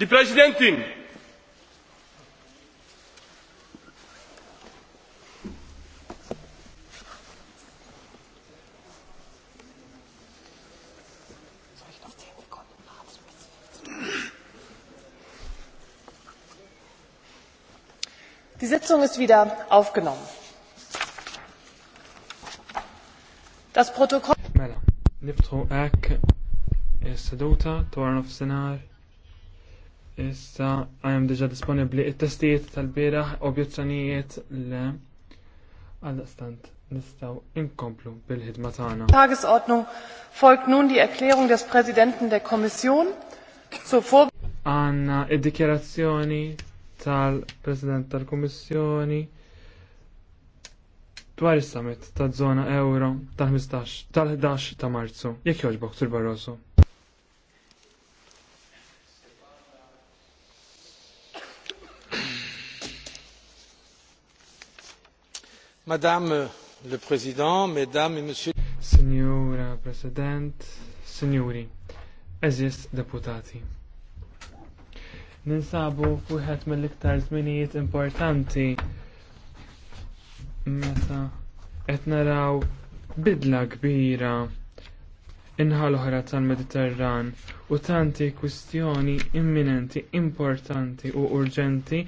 Di Präsidentin! Die Sitzung ist wieder aufgenommen. Das Protokoll. Mela, Issa għajem diġa disponibli il-testijiet tal bira objezzjonijiet le għal-stant nistaw inkomplu bil-ħidma tagħna. Tagesordnung folgt nun die Erklärung des Präsidenten der Kommission zur Vor Għanna id-dikjerazzjoni tal-President tal-Kommissjoni dwar is-summit taż-żona euro tal-15 tal-11 ta' Marzu. Jekk jogħġbok Sur Barroso. Madame le Président, Mesdames et Messieurs. Signora President, Signori, eżist deputati. Ninsabu wieħed mill-iktar żminijiet importanti meta qed naraw bidla kbira inħal oħra tal-Mediterran u tanti kwistjoni imminenti, importanti u urġenti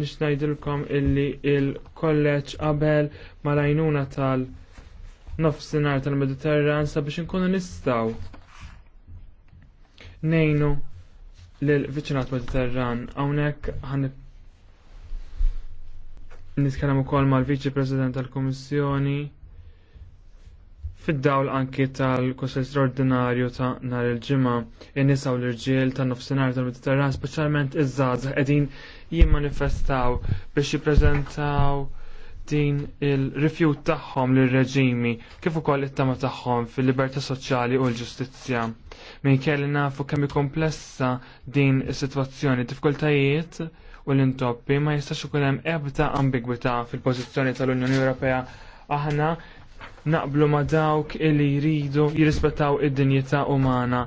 nixnajdilkom illi il-kolleġ qabel mal-għajnuna tal-nofsinar tal-Mediterran sabiex nkunu nistaw nejnu l-vicinat Mediterran Hawnhekk għan nitkellem ukoll mal-Viċi President tal-Kummissjoni Fid-dawl anki tal-Kusil Straordinarju ta' nhar il-ġimgħa, in-nisa u l-irġiel ta' nofsinhar tal-Mediterran, speċjalment iż-żgħażagħ qegħdin jimmanifestaw biex jippreżentaw din il-rifjut tagħhom lir-reġimi kif ukoll it-tama tagħhom fil-libertà soċjali u l-ġustizzja. Min kelli nafu kemm komplessa din is-sitwazzjoni diffikultajiet u l-intoppi ma jistax ikun hemm ebda ambigwità fil-pożizzjoni tal-Unjoni Ewropea aħna naqblu ma dawk illi jridu jirrispettaw id-dinjità umana.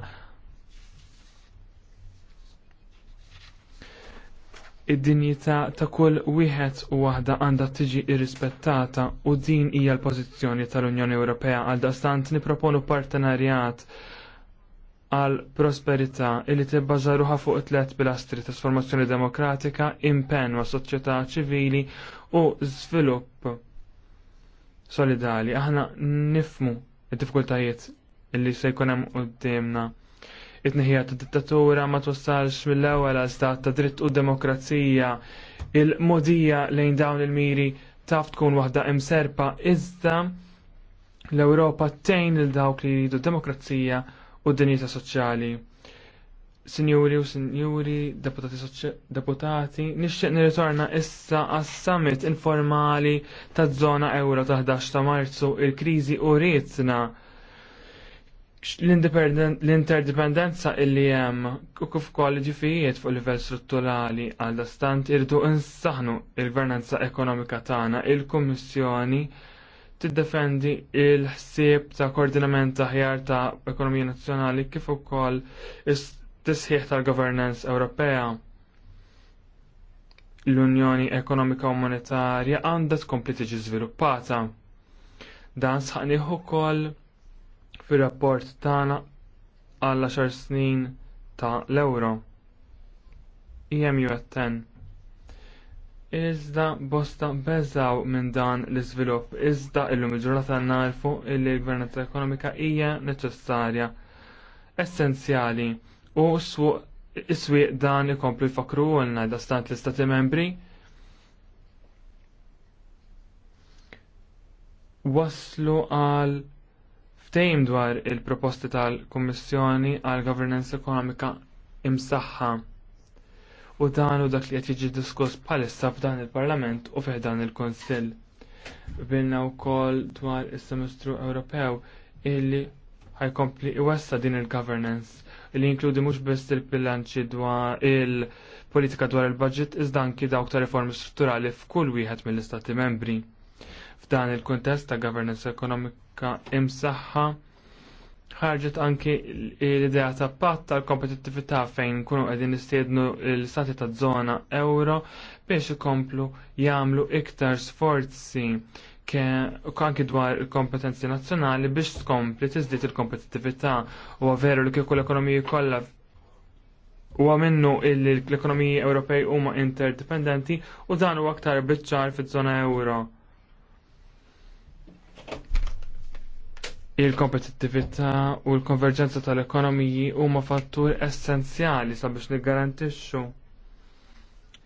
Id-dinjità ta' kull wieħed u waħda għandha tiġi irrispettata u din hija l-pożizzjoni tal-Unjoni Ewropea għal dastant niproponu partenarjat għal prosperità illi tibbażaruha fuq tliet pilastri trasformazzjoni demokratika, impenn ma' soċjetà ċivili u żvilupp solidali. Aħna nifmu id-diffikultajiet illi se jkun hemm qudiemna. It-tneħija ta' dittatura ma twassalx mill-ewwel stat ta' dritt u demokrazija. Il-modija lejn dawn il-miri taf tkun waħda imserpa iżda l-Ewropa tgħin lil dawk li jridu demokrazija u d dinjità soċjali. Signori u sinjuri, deputati, deputati nixtieq nirritorna issa għas summit informali ta' zona euro ta' 11 ta' marzu il-kriżi u rietna l-interdependenza illi hemm u kif ukoll ġifijiet fuq livell strutturali għal stant irdu insaħnu il-gvernanza ekonomika tagħna il-Kummissjoni tiddefendi il-ħsieb ta' koordinament aħjar ta' ekonomija nazzjonali kif ukoll tisħiħ tal-governance Ewropea. L-Unjoni Ekonomika u Monetarja għandha tkompli tiġi żviluppata. Dan sħaqniħ ukoll fir-rapport tagħna għal 10 snin ta' l-euro. EMU 10. Iżda bosta beżaw minn dan l-iżvilupp, iżda illum il-ġurnata narfu illi l-gvernanza ekonomika hija neċessarja, essenzjali u s is-swieq dan ikomplu jfakru l-najda stant l-istati membri waslu għal ftejm dwar il-proposti tal-Kommissjoni għal Governance Ekonomika imsaħħa u dan u dak li qed jiġi diskuss bħalissa f'dan il-Parlament u fih dan il-Konsill. Bilna wkoll dwar is-Semestru Ewropew illi ħajkompli iwessa din il-governance li jinkludi mhux biss il-bilanċi dwar il-politika dwar il-budget iżda anki dawk ta' riformi strutturali f'kull wieħed mill-istati membri. F'dan il-kuntest ta' governance ekonomika imsaħħa ħarġet anki l-idea ta' patt tal-kompetittività fejn kunu qegħdin nistiednu l-istati ta' zona euro biex ikomplu jagħmlu iktar sforzi anki dwar il-kompetenzi nazzjonali biex tkompli tiżdiet il-kompetittività u veru li kieku l-ekonomiji kollha huwa minnu illi l-ekonomiji Ewropej huma interdipendenti u dan huwa aktar biċċar fiż-żona euro. Il-kompetittività u l-konverġenza tal-ekonomiji huma fattur essenzjali sabiex niggarantixxu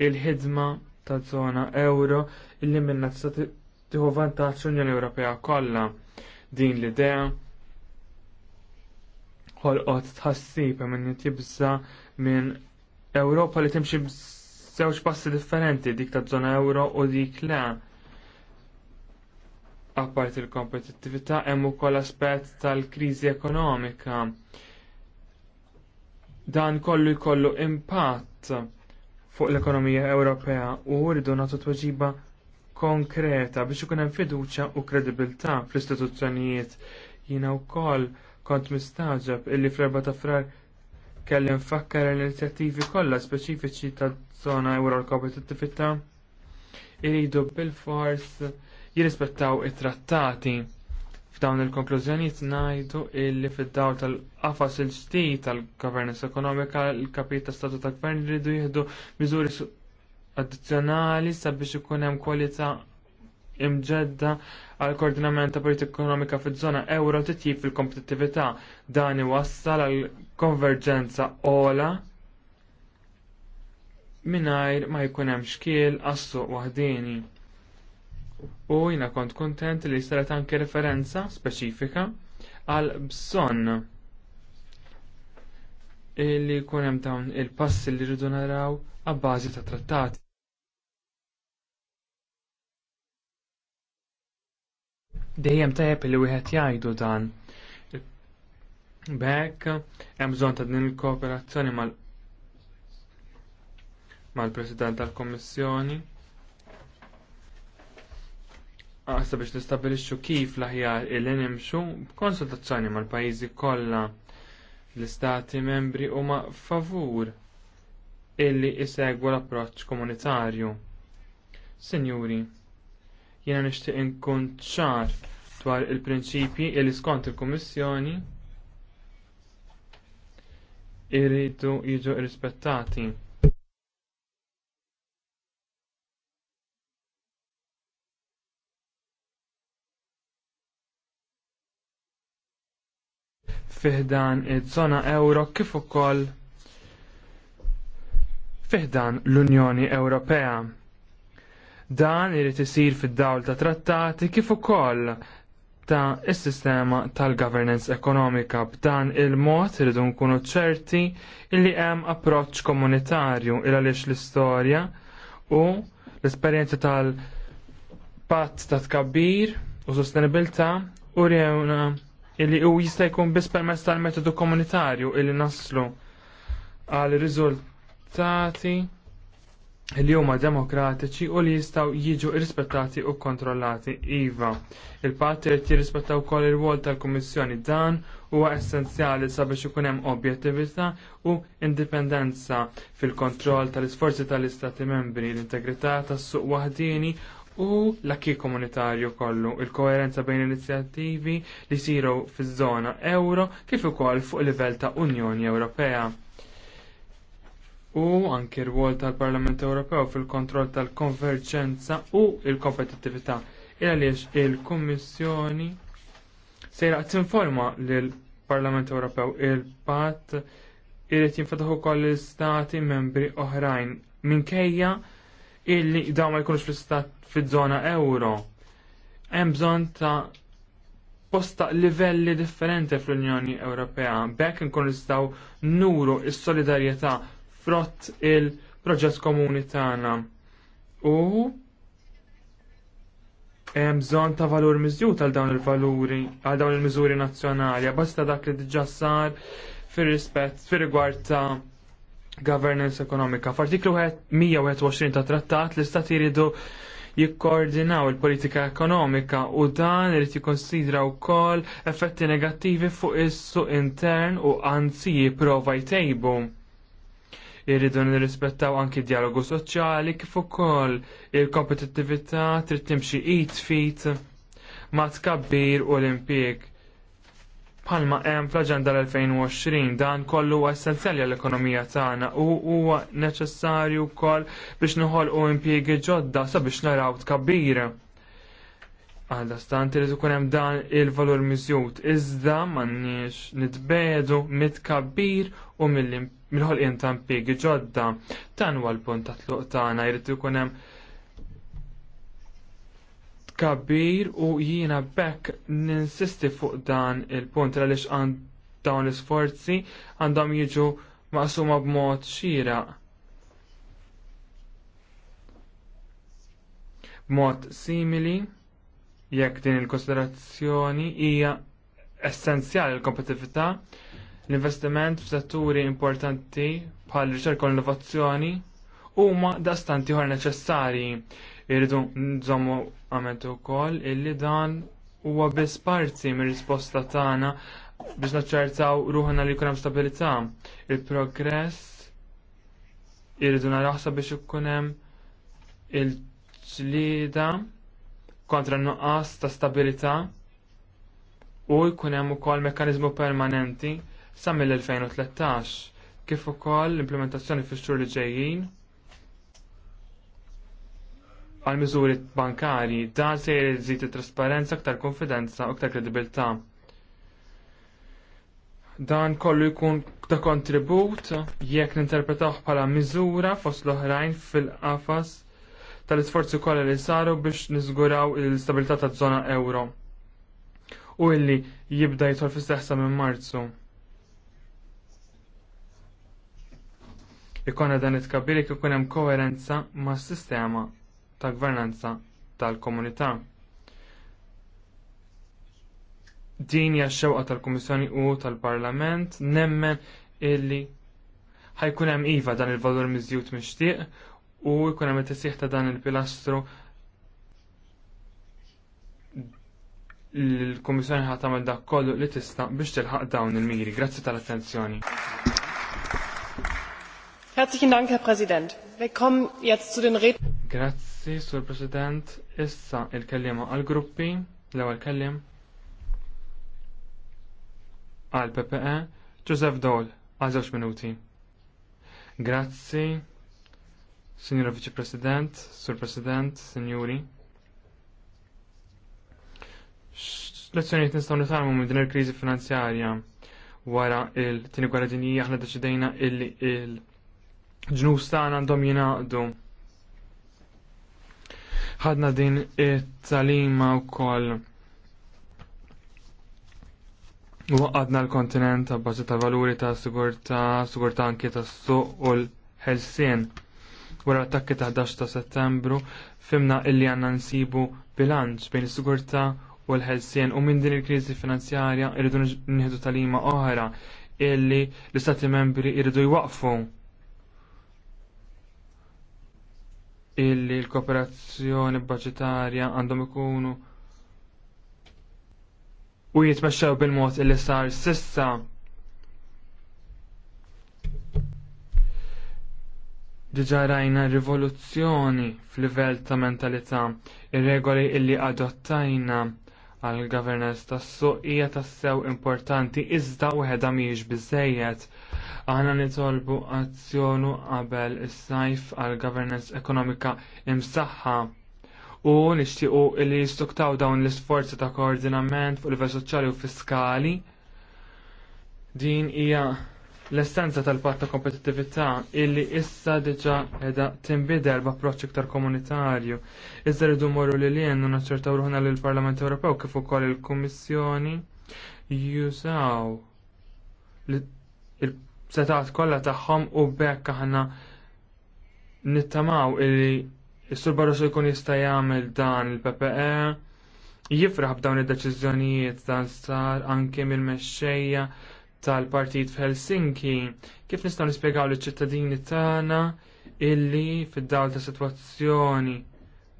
il-ħidma taż żona euro illi minna Tiħu vantaġġ l-Unjoni Ewropea kollha din l-idea ħolqot tħassib minn tibża minn Ewropa li timxi b'żewġ passi differenti dik ta' żona euro u dik le. Apart il-kompetittività hemm ukoll aspett tal-kriżi ekonomika. Dan kollu jkollu impatt fuq l-ekonomija Ewropea u rridu nagħtu tweġiba konkreta biex ikun hemm fiduċja u kredibilità fl-istituzzjonijiet. Jiena wkoll kont mistaġab illi fl-erba ta' frar kelli nfakkar l-inizjattivi kollha speċifiċi taż-żona euro l-kompetittività iridu bil-fors jirrispettaw it-trattati. F'dawn il-konklużjonijiet ngħidu illi fid-dawl tal-qafas il-ġdid tal-governance ekonomika l-kapit ta' statu tal-gvern iridu jieħdu miżuri addizzjonali sabiex ikun hemm kwalità imġedda għal koordinament ta' politika ekonomika fiż-żona euro titjib fil-kompetittività dan iwassal għal konverġenza ola mingħajr ma jkun hemm xkiel għas-suq waħdini. U jiena kont kuntent li saret anke referenza speċifika għal bżonn li jkun hemm dawn il-passi li rridu naraw għabbażi ta' trattati. Dejjem tajjeb li wieħed jgħidu dan. Bekk hemm bżonn ta' din il-kooperazzjoni mal mal-President tal-Kommissjoni. Għasta ah, biex nistabilixxu kif l-aħjar illi nimxu b'konsultazzjoni mal-pajjiżi kollha l-istati membri huma favur illi isegwu l-approċċ komunitarju. Signori, Jiena nixtieq inkun ċar dwar il-prinċipji li skont il-Kummissjoni jridu jiġu rispettati. Fiħdan iż-żona euro kif ukoll fiħdan l-Unjoni Ewropea. Dan irid isir fid-dawl ta' trattati kif ukoll ta' is-sistema tal-governance ekonomika b'dan il-mod iridu nkunu ċerti li hemm approċċ komunitarju il għaliex l-istorja u l-esperjenza tal-patt ta' tkabbir u sostenibilità u rjewna illi u jista' jkun biss permezz tal-metodu komunitarju illi naslu għal riżultati li huma demokratiċi u li jistgħu jiġu irrispettati u kontrollati iva. Il-patt irid jirrispetta wkoll ir-wol tal-Kummissjoni dan huwa essenzjali sabiex ikun hemm objettività u indipendenza fil-kontroll tal-isforzi tal-Istati membri, l-integrità tas-suq waħdini u l-akki komunitarju kollu, il-koerenza bejn inizjattivi li jsiru fiż-żona euro kif ukoll fuq livell ta' Unjoni Ewropea u anki r-wol tal-Parlament Ewropew fil-kontroll tal-konverġenza u l kompetittività il għaliex il-Kummissjoni sejra tinforma lil parlament Ewropew il-Pat irid jinfetaħ ukoll l-istati membri oħrajn minkejja illi dawn ma jkunux fl-istat fiż-żona euro. Hemm bżonn ta' posta livelli differenti fl-Unjoni Ewropea. Bekk nkun nistgħu nuru s-solidarjetà frott il-proġett komuni tagħna. U hemm bżonn ta' valur miżjud għal dawn il-valuri, għal dawn il-miżuri nazzjonali, basta dak li diġà sar fir-rispett fir-rigward ta' governance ekonomika. F'artiklu 121 ta' trattat l-istati jridu jikkoordinaw il-politika ekonomika u dan irid jikkonsidra wkoll effetti negattivi fuq is-suq intern u anzi jipprova jtejbu. Irridu nirrispettaw anki dialogu soċjali kif ukoll il-kompetittività trid timxi it fit ma' tkabbir u l-impjeg. Palma hemm fl-Aġenda l-2020 dan kollu huwa essenzjali għall-ekonomija tagħna u huwa neċessarju wkoll biex noħolqu impjiegi ġodda sabiex naraw tkabbir. Għalda stant irid ikun hemm dan il-valur miżjud, iżda m'għandniex nitbedu mit-kabbir u mill-ħolqien ta' impjiegi ġodda. Dan huwa l-punt ta' tluq tagħna jrid ikun hemm kabbir u jiena bekk ninsisti fuq dan il-punt għaliex għand dawn l-isforzi għandhom jiġu maqsuma b'mod xieraq. Mod simili jekk din il-konsiderazzjoni hija essenzjali l-kompetitività, l-investiment f'setturi importanti bħal riċerka u innovazzjoni huma dastanti ħor neċessarji. Irridu nżommu għamet ukoll illi dan huwa biss parti mir-risposta tagħna biex naċċertaw ruħna li jkun hemm stabilità. Il-progress irridu naraħsa biex ikun hemm il-ġlieda il il ġlieda kontra nuqqas ta' stabilità u jkun hemm ukoll mekkaniżmu permanenti sa mill-2013 kif ukoll l-implementazzjoni fix-xhur li ġejjin għal miżuri bankari dan se jżid it-trasparenza aktar konfidenza u aktar kredibilità. Dan kollu jkun ta' kontribut jekk ninterpretawh bħala miżura fost l-oħrajn fil-qafas tal-isforzi kollha li saru biex niżguraw l-istabilità taż-żona euro u illi jibda jidħol fis-seħsa minn Marzu. Ikonna dan itkabili kabir jekk ikun hemm koerenza mas-sistema ta' gvernanza tal-komunità. Din hija x-xewqa tal-Kummissjoni u tal-Parlament nemmen illi ħajkun hemm iva dan il-valur miżjud mixtieq u jkun hemm it ta' dan il-pilastru l kummissjoni ħat tagħmel dak kollu li tista' biex tilħaq dawn il-miri. Grazzi tal-attenzjoni. Herzlichen Dank, Herr Präsident. Wir kommen jetzt zu den Reden. Grazzi, Sur President. Issa il-kellima għal-gruppi, l-ewwel kellim. Għal PPE, Joseph Dole, għal żewġ minuti. Grazzi, Signora Vice President, Sur President, Signori. Lezzjoniet nistaw nitalmu minn din il-kriżi finanzjarja wara il-tini gwerra dinija aħna deċidejna illi il-ġnus tagħna għandhom jingħaqdu. Ħadna din it-talima wkoll Waqadna l-kontinent ta' bażi ta' valuri ta' sigurtà, sigurtà anke tas-suq u l-ħelsien. Wara t attakki ta' 11 ta' settembru, fimna illi għanna nsibu bilanċ bejn is-sigurtà u l-ħelsien u minn din il-kriżi finanzjarja irridu nieħdu talima oħra illi l-istati membri irridu jwaqfu illi l-kooperazzjoni budgetarja għandhom ikunu u jitmexxew bil-mod illi sar sissa Diġa rajna rivoluzzjoni f'livell ta' mentalità, ir-regoli illi adottajna għal governance tas suqija tassew importanti iżda weħda mhijiex biżejjed. Aħna nitolbu azzjonu qabel is-sajf għal governance ekonomika imsaħħa u nixtiequ li jistuktaw dawn l-isforzi ta' koordinament fuq livell soċjali u fiskali. Din hija l-essenza tal-patta kompetitività illi issa diġa edha timbidel b'approċċ iktar komunitarju. Iżda rridu morru li jennu naċċertaw ruħna li l-Parlament Ewropew kif ukoll il-Kummissjoni jużaw il-setat kollha tagħhom u bekk aħna nittamaw illi s-sur Barroso jkun jista' jagħmel dan il-PPE jifraħ b'dawn id-deċiżjonijiet dan sar anke mill-mexxejja tal-partit f'Helsinki, kif nistgħu nispjegaw liċ ċittadini tagħna illi fid-dawl ta' sitwazzjoni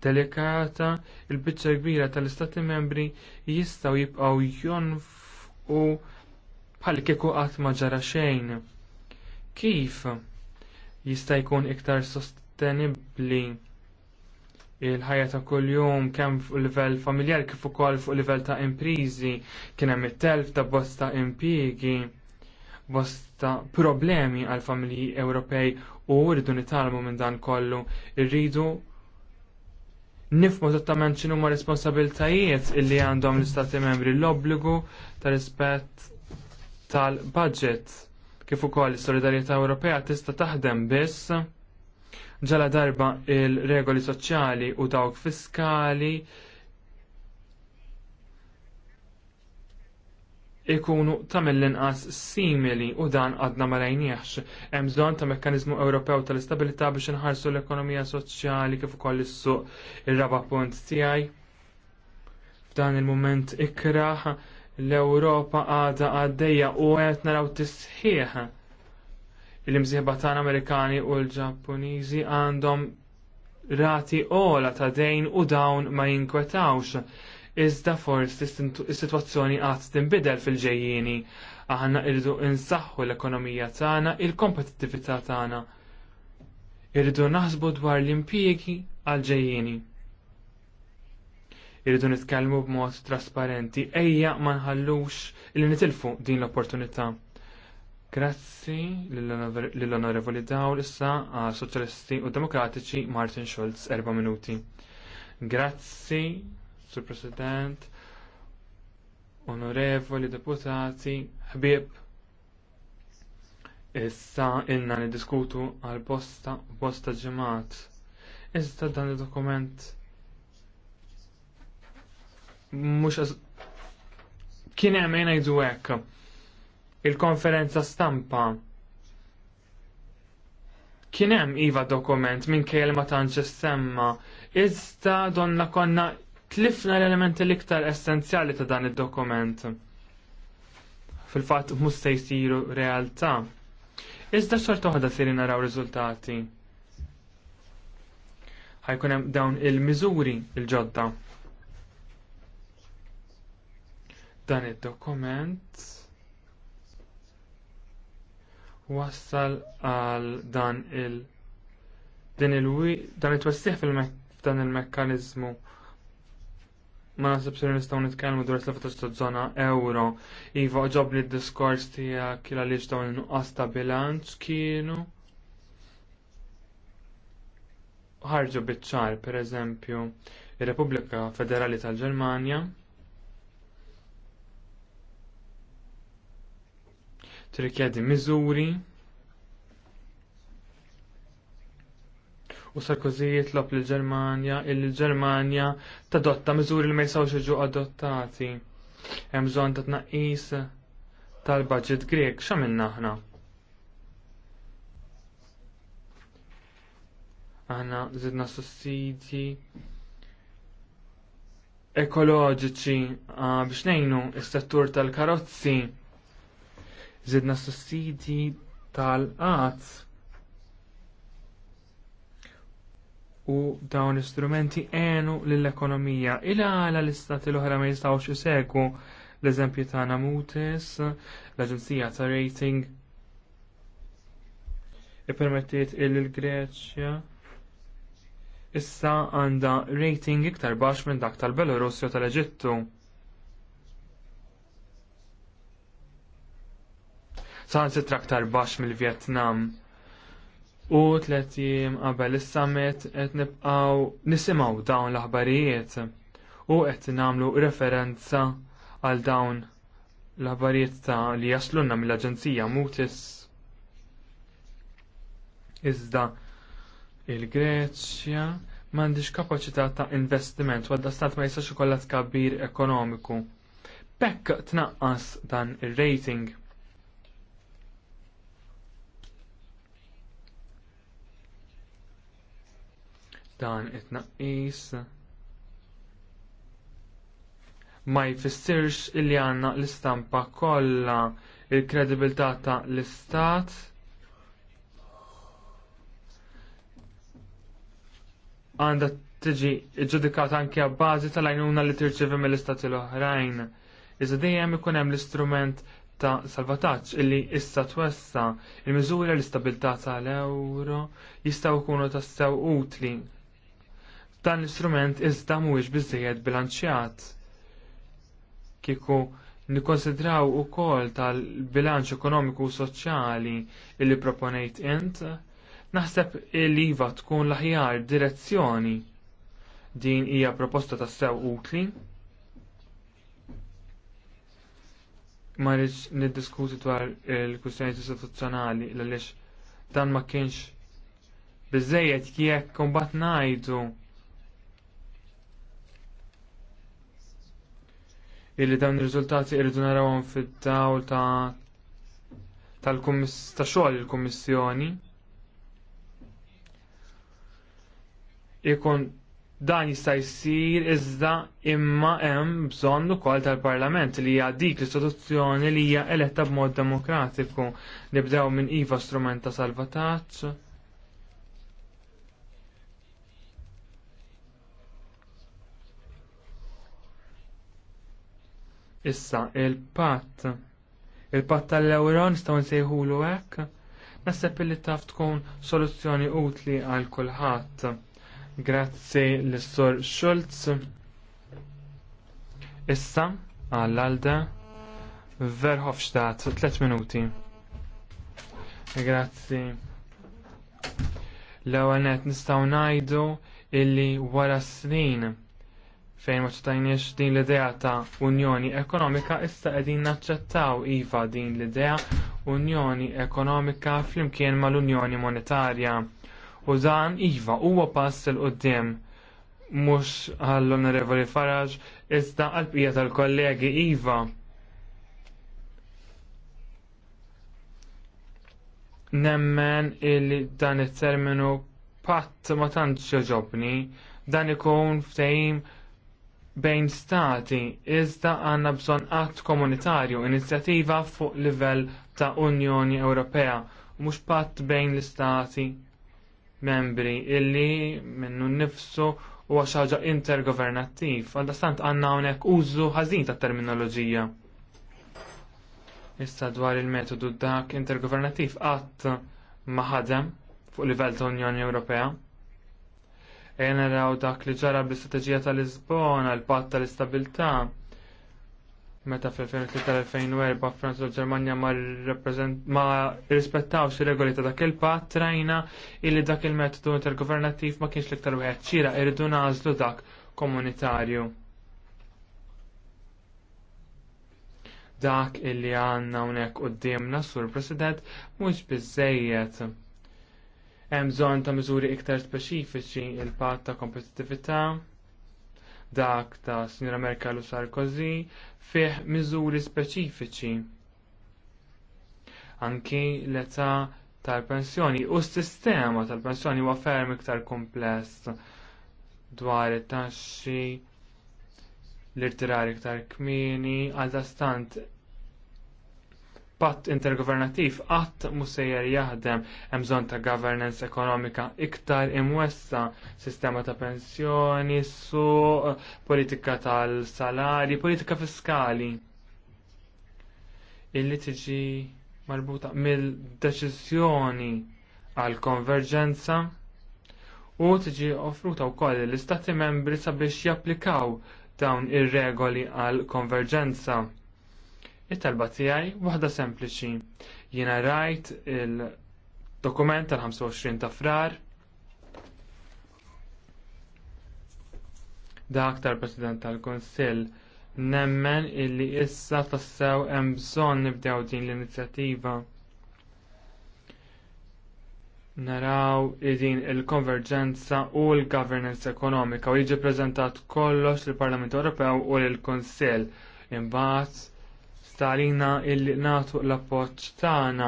delikata il-biċċa kbira tal-istati membri jistgħu jibqgħu jonfqu bħal kieku qatt ma ġara xejn. Kif jista' jkun iktar sostenibbli il-ħajja ta' kuljum kemm fuq livell familjar kif ukoll fuq livell ta' imprizi kien hemm it-telf ta' bosta impjiegi bosta problemi għal familji Ewropej u rridu nitalmu minn dan kollu. Irridu nifmu esattament x'inhu ma' responsabiltajiet illi għandhom l-Istati membri l-obbligu ta' rispett tal-budget kif ukoll is-Solidarjetà Ewropea tista' taħdem biss ġala darba il-regoli soċjali u dawk fiskali ikunu ta' mill-inqas simili u dan għadna ma rajniex. Hemm bżonn ta' mekkaniżmu Ewropew tal-istabilità biex inħarsu l-ekonomija soċjali kif ukoll is-suq ir-raba' punt tiegħi. F'dan il-mument ikraħ l-Ewropa għadha għaddejja u qed naraw tisħiħ il-imsieħba tagħna Amerikani u l-Ġappuniżi għandhom rati ola ta' dejn u dawn ma jinkwetawx. Iżda forsi is-sitwazzjoni qatt tinbidel fil-ġejjieni. Aħna irridu insaħħu l-ekonomija tagħna, il-kompetittività tagħna. Irridu naħsbu dwar l-impjiegi għal ġejjieni. Irridu nitkellmu b'mod trasparenti, ejja ma nħallux li nitilfu din l-opportunità. Grazzi lill-onorevoli dawl issa għal soċjalisti u demokratiċi Martin Schulz, erba minuti. Grazzi, Sur President, onorevoli deputati, ħbib. Issa inna niddiskutu għal bosta bosta ġemat. Iżda dan il-dokument mux az... kien għamena jdu hekk il-konferenza stampa kien hemm iva dokument minn kelma tantx semma iżda donna konna tlifna l-elementi l-iktar essenzjali ta' dan id-dokument. Fil-fatt mhux se jsiru realtà. Iżda xorta waħda siri naraw riżultati. Ħajkun hemm dawn il-miżuri il-ġodda. Dan id-dokument wassal għal dan il- din il dan it-twessiħ fil-dan il-mekkanizmu ma nasib li nistgħu nitkellmu dwar is-lefta ta' żona euro. Iva ġobni d-diskors tiegħek kien għaliex dawn in-nuqqas ta' bilanċ kienu. Ħarġu biċ-ċar, pereżempju, ir-Repubblika Federali tal-Ġermanja tirrikjedi miżuri u Sarkozy jitlob lil ġermanja il ġermanja tadotta miżuri li ma jisawx jiġu adottati. Hemm bżonn ta' tnaqqis tal-budget Grek x'għamilna aħna. Aħna żidna sussidji ekoloġiċi ah, biex ngħinu s-settur tal-karozzi Zidna sussidi tal-qat u dawn l-istrumenti għenu l-ekonomija. Ila għala l-istati l-oħra ma jistawx jisegu l-eżempju ta' Namutis, l-Aġenzija ta' Rating, i-permettiet il-Greċja. Issa għandha rating iktar baxx minn dak tal-Belorussja tal-Eġittu. saħan aktar baxx mill-Vjetnam. U tliet jiem qabel is-summit qed nibqgħu nisimgħu dawn l-aħbarijiet u qed namlu referenza għal dawn l-aħbarijiet ta' li jaslunna mill-Aġenzija Mutis. Iżda il-Greċja m'għandix kapaċità ta' investiment u stat ma jistax ikollha tkabbir ekonomiku. Bekk tnaqqas dan ir-rating. dan it-tnaqqis ma jfissirx illi għandna l-istampa kollha il-kredibilità ta' l-istat għandha tiġi ġudikata anke għabbażi tal-għajnuna li tirċivi mill-istati l-oħrajn. Iżda dejjem ikun hemm l-istrument ta' salvataġġ illi issa twessa il miżura l-istabilità tal-euro jistgħu jkunu tassew utli Dan l-istrument iżda mhuwiex biżejjed bilanċjat. Kieku nikkonsidraw ukoll tal-bilanċ ekonomiku u soċjali li proponejt int, naħseb il-IVA tkun l-aħjar direzzjoni. Din hija proposta ta' sew utli. Ma rridx niddiskuti dwar il kwistjoni istituzzjonali għaliex dan ma kienx biżejjed jekk kumbat ngħidu illi dawn ir-riżultati irridu narawhom fid-dawl ta' tal-kummiss ta' xogħol il-kummissjoni. Ikun dan jista' jsir iżda imma hemm bżonn ukoll tal-Parlament li hija dik l-istituzzjoni li hija eletta b'mod demokratiku nibdew minn iva strument ta' salvataġġ Issa, il-pat, il-pat tal-euro nistaw nsejħulu hekk, Nasseb li taf tkun soluzzjoni utli għal kulħadd. Grazzi l sor Schulz. Issa, għall alda Verhofstadt, 3 minuti. Grazzi. L-ewwel nistgħu ngħidu illi wara snin fejn ma ċtajniex din l-idea ta' unjoni ekonomika issa qegħdin naċċettaw iva din l-idea unjoni ekonomika flimkien mal-unjoni monetarja. U dan iva huwa pass il qudiem mhux għall-Onorevoli Farage iżda għall-bqija tal-kollegi iva. Nemmen il dan it-terminu patt ma tantx joġobni dan ikun ftehim bejn stati iżda għandna bżonn att komunitarju, inizjattiva fuq livell ta' Unjoni Ewropea, mhux patt bejn l-istati membri illi minnu nnifsu huwa xi ħaġa intergovernattiv, għaldastant għandna hawnhekk użu ħażin tat terminoloġija. Issa dwar il-metodu dak intergovernattiv qatt ma ħadem fuq livell ta' Unjoni Ewropea. Ejna raw dak li ġara bl-istrateġija tal-Lisbona, l-patt tal istabilta Meta fil-2003-2004 Franza u Ġermanja ma rispettawx ir-regoli ta' dak il-patt trajna illi dak il-metodu intergovernattiv ma kienx l-iktar wieħed ċira irridu nażlu dak komunitarju. dak illi għanna unek u d-dimna sur president mux bizzejiet. Hemm bżonn ta' miżuri iktar speċifiċi il-patt ta' kompetittività dak ta' Sinjora Merkel u Sarkozy fih miżuri speċifiċi. Anki l-età tal-pensjoni u s-sistema tal-pensjoni huwa ferm iktar kompless dwar it-taxxi l-irtirar iktar kmieni għal stant patt intergovernattiv qatt mhux jer jaħdem hemm bżonn ta' governance ekonomika iktar imwessa sistema ta' pensjoni, su politika tal-salari, politika fiskali illi tiġi marbuta mill-deċiżjoni għal konverġenza u tiġi offruta wkoll l-istati membri sabiex japplikaw dawn ir-regoli għal konverġenza it-talba tiegħi waħda sempliċi. Jiena rajt il-dokument tal-25 ta' frar. Dak tal-President tal-Konsill nemmen illi issa tassew hemm bżonn nibdew din l-inizjattiva. Naraw din il-konverġenza u l-governance ekonomika u jiġi prezentat kollox lill parlament Ewropew u lill kunsill Imbagħad stalina illi nagħtu l appoġġ tagħna.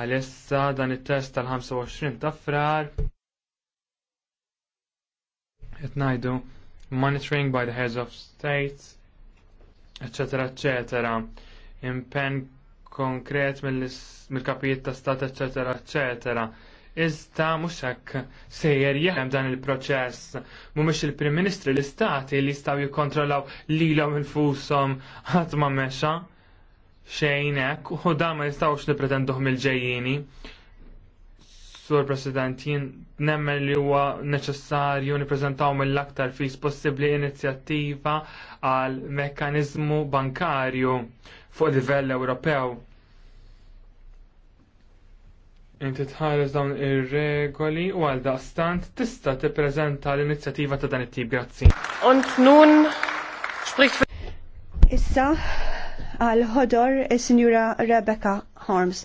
Għalissa dan it-test tal-25 ta' frar qed ngħidu monitoring by the heads of states eccetera eccetera impenn konkret mill-kapijiet ta' stat eccetera eccetera Iżda mhux hekk sejjer jaħdem dan il-proċess. Mhumiex il-Prim Ministri l-Istati li jistgħu jikkontrollaw lilhom infushom ħadd ma mexa xejn hekk u dan ma jistgħux nippretenduh mill ġejjini Sur President, jien nemmen li huwa neċessarju nippreżentaw mill-aktar fis possibbli inizjattiva għal mekkaniżmu bankarju fuq livell Ewropew Inti tħares dawn ir-regoli u għal daqstant tista' tippreżenta l-inizjattiva ta' dan it-tip grazzi. Und nun spricht Issa għal ħodor is-Sinjura eh, Rebecca Harms.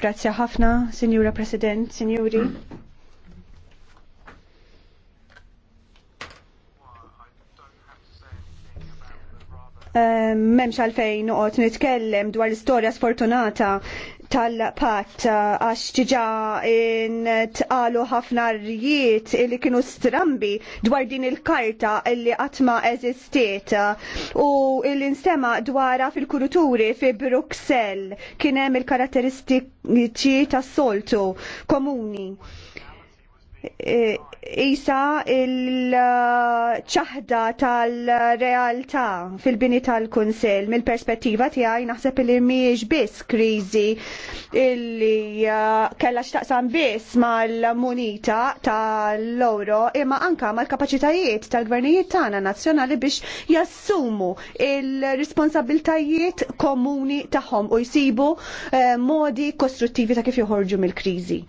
Grazzi ħafna, Sinjura President, Sinjuri. memx ehm, għalfejn uqot nitkellem dwar l-istoria sfortunata tal-pat għax ġiġa tqalu ħafna rjiet li kienu strambi dwar din il-karta illi għatma eżistiet u illi nsema dwara fil-kuruturi fi Bruxelles kienem il-karatteristiċi tas-soltu komuni isa il-ċaħda tal-realtà fil-bini tal-Kunsel mill-perspettiva tiegħi naħseb li mhijiex biss kriżi illi uh, kellha x'taqsam biss mal-munita tal loro imma anka mal-kapaċitajiet tal-gvernijiet tagħna nazzjonali biex jassumu il-responsabiltajiet komuni tagħhom u jsibu uh, modi kostruttivi ta' kif joħorġu mill-kriżi.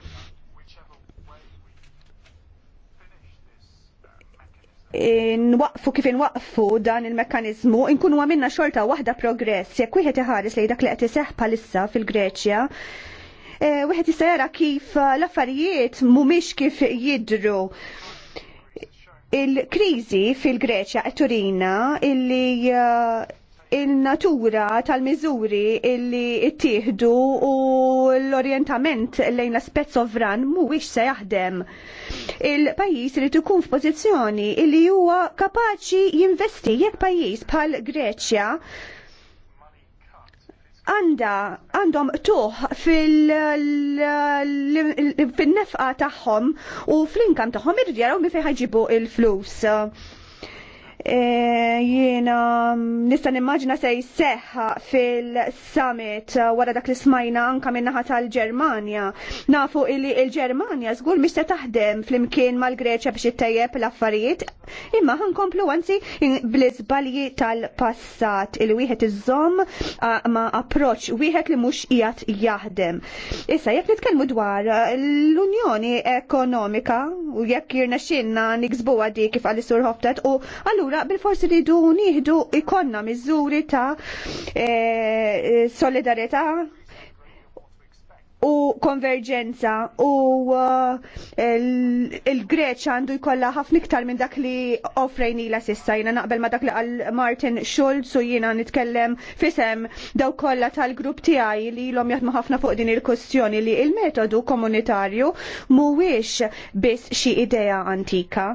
nwaqfu kif inwaqfu dan il-mekkanizmu inkunu għamilna xorta waħda progress jekk wieħed iħares li dak li qed iseħħ bħalissa fil-Greċja e, wieħed jista' jara kif e, l-affarijiet mhumiex kif jidru. Il-kriżi fil-Greċja qed turina illi e, il-natura tal-miżuri illi ttieħdu u l-orientament lejn l-aspett sovran mhuwiex se jaħdem. Il-pajjiż irid ikun f'pożizzjoni illi huwa kapaċi jinvesti jekk pajjiż bħal Greċja għanda għandhom tuħ fil-nefqa tagħhom u fl-inkam tagħhom irdjaraw mi fejn il-flus. E, jiena nista' nimmaġina se jseħħa fil-summit uh, wara dak li smajna anka minnaħa tal-Ġermanja. Nafu illi il-Ġermanja żgur mhix se taħdem flimkien mal-Greċja biex ittejjeb l-affarijiet, imma ħankomplu anzi bl-iżbalji tal-passat il-wieħed iżżomm ma' approċċ wieħed li mhux qiegħed jaħdem. Issa jekk nitkellmu dwar uh, l-Unjoni Ekonomika u jekk jirnexxinna niksbuha di kif għal-Sur u allura allura bil-forsi li duni nieħdu ikonna miżuri ta' eh, eh, solidarietà solidarieta u konverġenza u eh, il greċa għandu jkollha ħafna iktar minn dak li la sissa jiena naqbel ma dak li għal Martin Schulz u jiena nitkellem fisem daw kollha tal-grupp tiegħi li ilhom jaħdmu ħafna fuq din il kustjoni li il-metodu komunitarju mhuwiex biss xi idea antika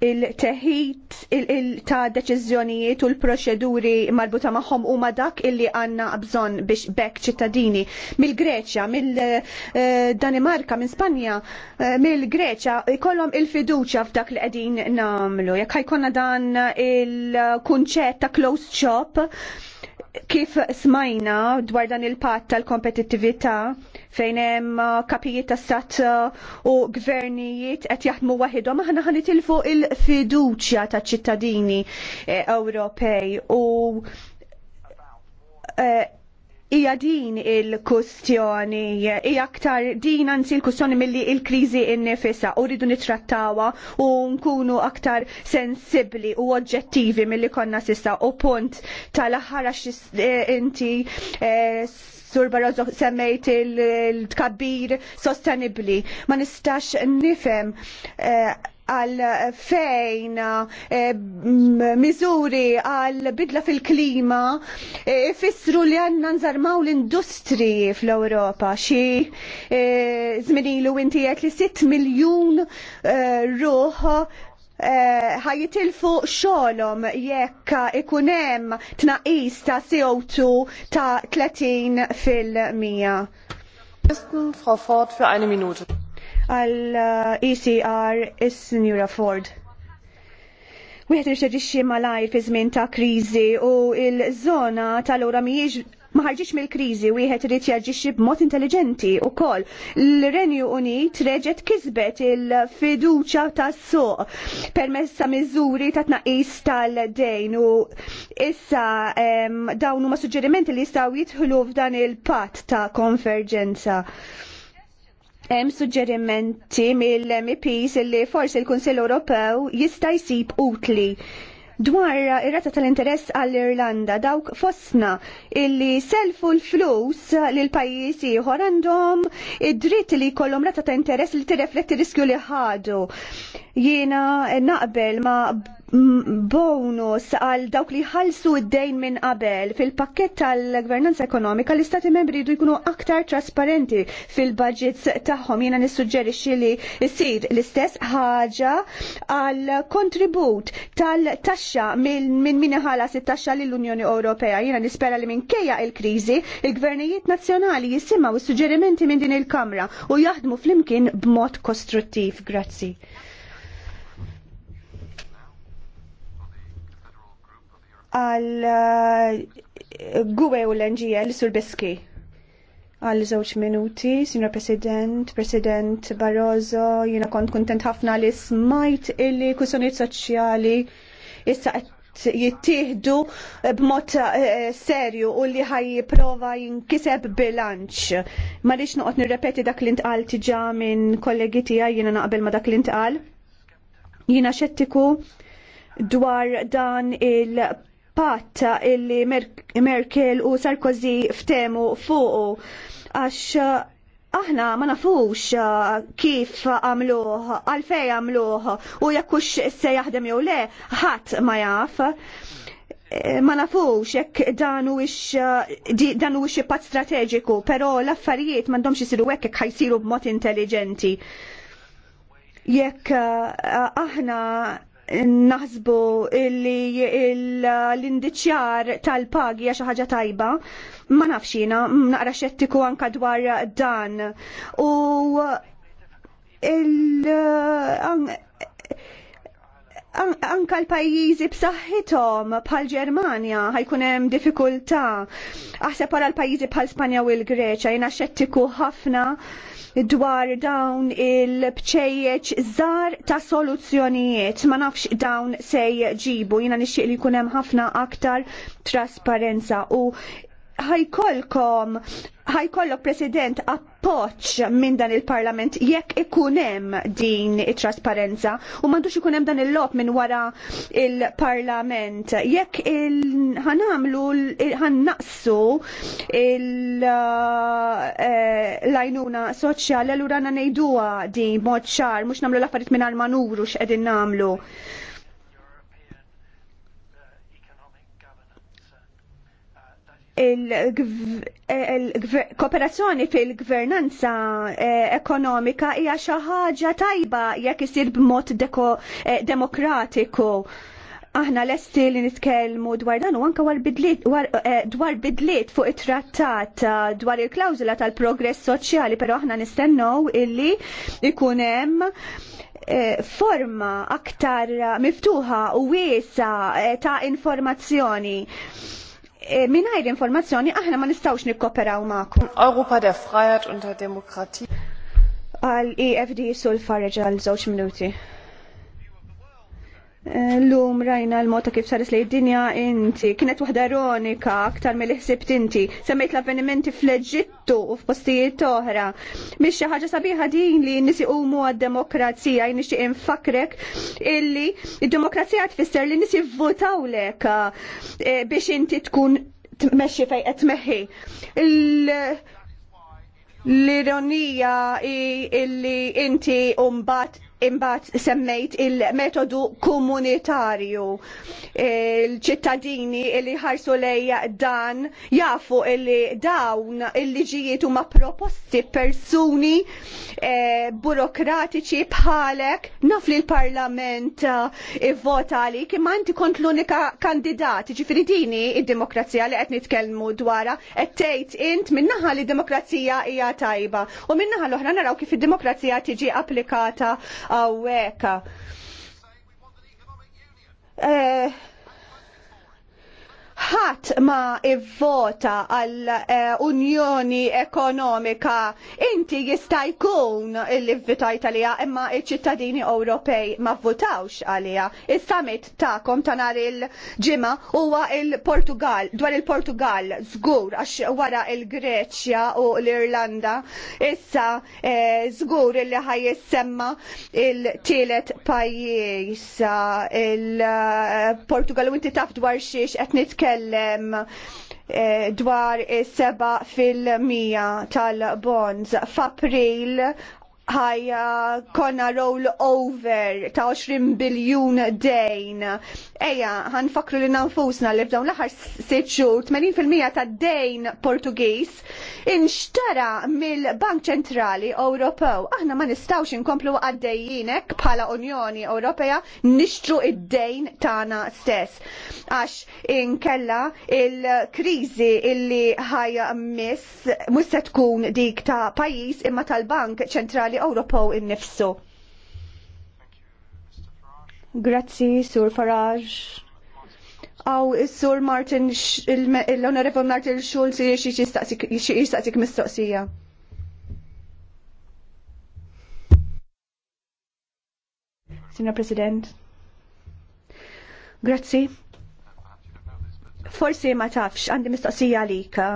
il-teħid il ta' deċiżjonijiet u l-proċeduri marbuta magħhom huma dak illi għandna bżonn biex bekk ċittadini mill-Greċja, mill-Danimarka, eh, minn Spanja, eh, mill-Greċja kollom il-fiduċja f'dak li qegħdin nagħmlu. Jekk ħajkonna dan il-kunċett ta' closed shop, kif smajna dwar dan il-patt tal-kompetittività, fejn hemm uh, kapijiet ta' sat uh, u gvernijiet qed jaħdmu waħedhom aħna ħanitilfu il-fiduċja taċ ċittadini eh, Ewropej u eh, Ija din il-kustjoni, ija aktar din anzi il-kustjoni mill-li il-krizi innifisa u rridu nitrattawa u nkunu aktar sensibli u oġġettivi mill-li konna sissa u punt tal-ħara eh, inti eh, Sur Barroso semmejt il-tkabbir sostenibli. Ma nistax nifem eh, għal fejn eh, miżuri għal bidla fil-klima eh, ifissru li għanna nżarmaw l-industri fl-Europa xi zminilu inti li 6 miljun ruħ Eh, ħajitilfu e, xolom jekk ikunem tnaqis ta' CO2 ta' 30 fil-mija. Frau Ford für eine Minute. Għal ECR eh, e is Signora Ford. Wieħed irxeġixxi malajr fi żmien ta' kriżi u l-żona tal-ora mhijiex ma ħarġix mill-kriżi wieħed irid jaġixxi b'mod intelligenti wkoll. L-Renju Unit reġgħet kisbet il-fiduċja tas-suq permezz ta' miżuri ta' tnaqqis tal-dejn u issa dawn huma suġġerimenti li jistgħu jidħlu f'dan il-patt ta' konverġenza. Hemm suġġerimenti mill-MPs li forsi l kunsell Ewropew jista' jsib utli dwar ir-rata tal-interess għall-Irlanda dawk fosna illi selfu l-flus l pajjiż ieħor għandhom id-dritt li jkollhom rata ta' interess li tirrefletti riskju li ħadu. Jiena naqbel ma' bonus għal dawk li ħalsu id-dejn minn qabel fil-pakket tal-gvernanza ekonomika l-istati membri jdu jkunu aktar trasparenti fil-budgets tagħhom jiena nissuġġerixxi li jsir l-istess ħaġa għal kontribut tal-taxxa minn min ħalas it-taxxa lill-Unjoni Ewropea. Jiena nispera li minkejja il-kriżi il-gvernijiet nazzjonali jisimgħu s-suġġerimenti minn din il-Kamra u jaħdmu flimkien b'mod kostruttiv. Grazzi. għal eh, Gwe u l-NGL sur Biski. Għal żewġ minuti, Signor President, President Barroso, jina kont kontent ħafna li smajt illi kusunit soċjali issa jittieħdu b'mod eh, serju u li ħaj prova jinkiseb bilanċ. Ma rix noqgħod nirrepeti dak li ntqal tiġa minn kollegi tiegħi jiena naqbel ma dak li ntqal. Jiena xettiku dwar dan il patta illi Merkel u Sarkozy ftemu fuqu għax uh, aħna ma nafux uh, kif għamluħ, għalfej għamluħ u jekkux se jaħdem jew le, ħadd ma jaf. Eh, ma nafux jekk dan huwiex uh, pat strateġiku, però l-affarijiet m'għandhomx isiru hekk jekk ħajsiru b'mod intelligenti. Jekk aħna naħsbu li l-indiċjar tal-pagi għaxa ħaġa tajba, ma nafxina, naqra xettiku anka dwar dan. U il anka l-pajjiżi b'saħħithom bħal Ġermanja ħajkun hemm diffikultà. Aħseb wara l-pajjiżi bħal Spanja u l-Greċja jiena xettiku ħafna dwar dawn il-bċejjeċ żar ta' soluzzjonijiet. Ma nafx dawn se jġibu. Jiena nixtieq li jkun hemm ħafna aktar trasparenza u ħajkolkom ħajkollok President appoċ minn dan il-Parlament jekk ikunem din it-trasparenza u mandux ikunem dan il-lop minn wara il-Parlament. Jekk il-ħanamlu ħannaqsu il-lajnuna eh, soċjali l-urana nejduwa di mod ċar, mux namlu laffariet minn għal-manuru x'edin namlu. il-kooperazzjoni fil-gvernanza eh, ekonomika hija xi ħaġa tajba jekk isir b'mod eh, demokratiku. Aħna lesti li nitkellmu dwar dan u anke eh, dwar bidliet fuq it-trattat dwar il-klawżula tal-progress soċjali, però aħna nistennew illi ikun hemm forma aktar miftuħa u wiesa ta' informazzjoni Eh, mingħajr informazzjoni aħna ma nistawx nikkoperaw magħkom. Europa der Freiheit und der Demokratie. Għal EFD sul farreġ għal żewġ minuti. L-lum rajna l-mota kif saris li d-dinja inti, kienet wahda ironika aktar mill-ħsib tinti, semmejt l-avvenimenti fl-Eġittu u f'postijiet oħra. Mix xi ħaġa sabiħa din li nisi umu għad-demokrazija, nixtieq infakrek illi id-demokrazija tfisser li nisi votawlek eh, biex inti tkun tmexxi fejn qed tmeħħi l-ironija illi inti umbat imbagħad semmejt il-metodu komunitarju. Il-ċittadini li ħarsu lej dan jafu li dawn il-liġijiet huma proposti persuni eh, burokratiċi bħalek naf li l-Parlament eh, ivvota li imma inti kont l-unika kandidat, ġifieri dini id-demokrazija li qed nitkellmu dwarha qed tgħid int minnaħa li d demokrazija hija tajba u minnaħa l-oħra naraw kif id-demokrazija tiġi applikata għaweka. Eh, ħadd ma ivvota għal eh, Unjoni Ekonomika inti jista' jkun l-ivvitajt għalija imma iċ-ċittadini Ewropej ma vvotawx għalija. Is-summit tagħkom ta' nhar il-ġimgħa huwa il-Portugal dwar il-Portugal żgur għax wara il-Greċja u l-Irlanda issa eh, żgur illi ħaj jissemma il-tielet pajjiż il-Portugal eh, u inti taf dwar xiex qed nitkellem jitkellem eh, dwar is-seba fil-mija tal-bonds f'April ħajja konna roll over ta' 20 biljun dejn Eja, ħanfakru li nanfusna li f'dawn l-aħħar sitt xhur 80% tad-dejn Portugiż inxtara mill-Bank Ċentrali Ewropew. Aħna ma nistgħux inkomplu għaddejjinek bħala Unjoni Ewropea nixtru id-dejn tagħna stess. Għax inkella il-kriżi illi ħajja miss mhux se tkun dik ta' pajjiż imma tal-Bank Ċentrali Ewropew innifsu. Grazzi, Sur Farage. Aw, Sur Martin, l honorable Martin Schulz jistaqsik mistoqsija. Signor President. Grazzi. Forsi ma tafx, għandi mistoqsija għalika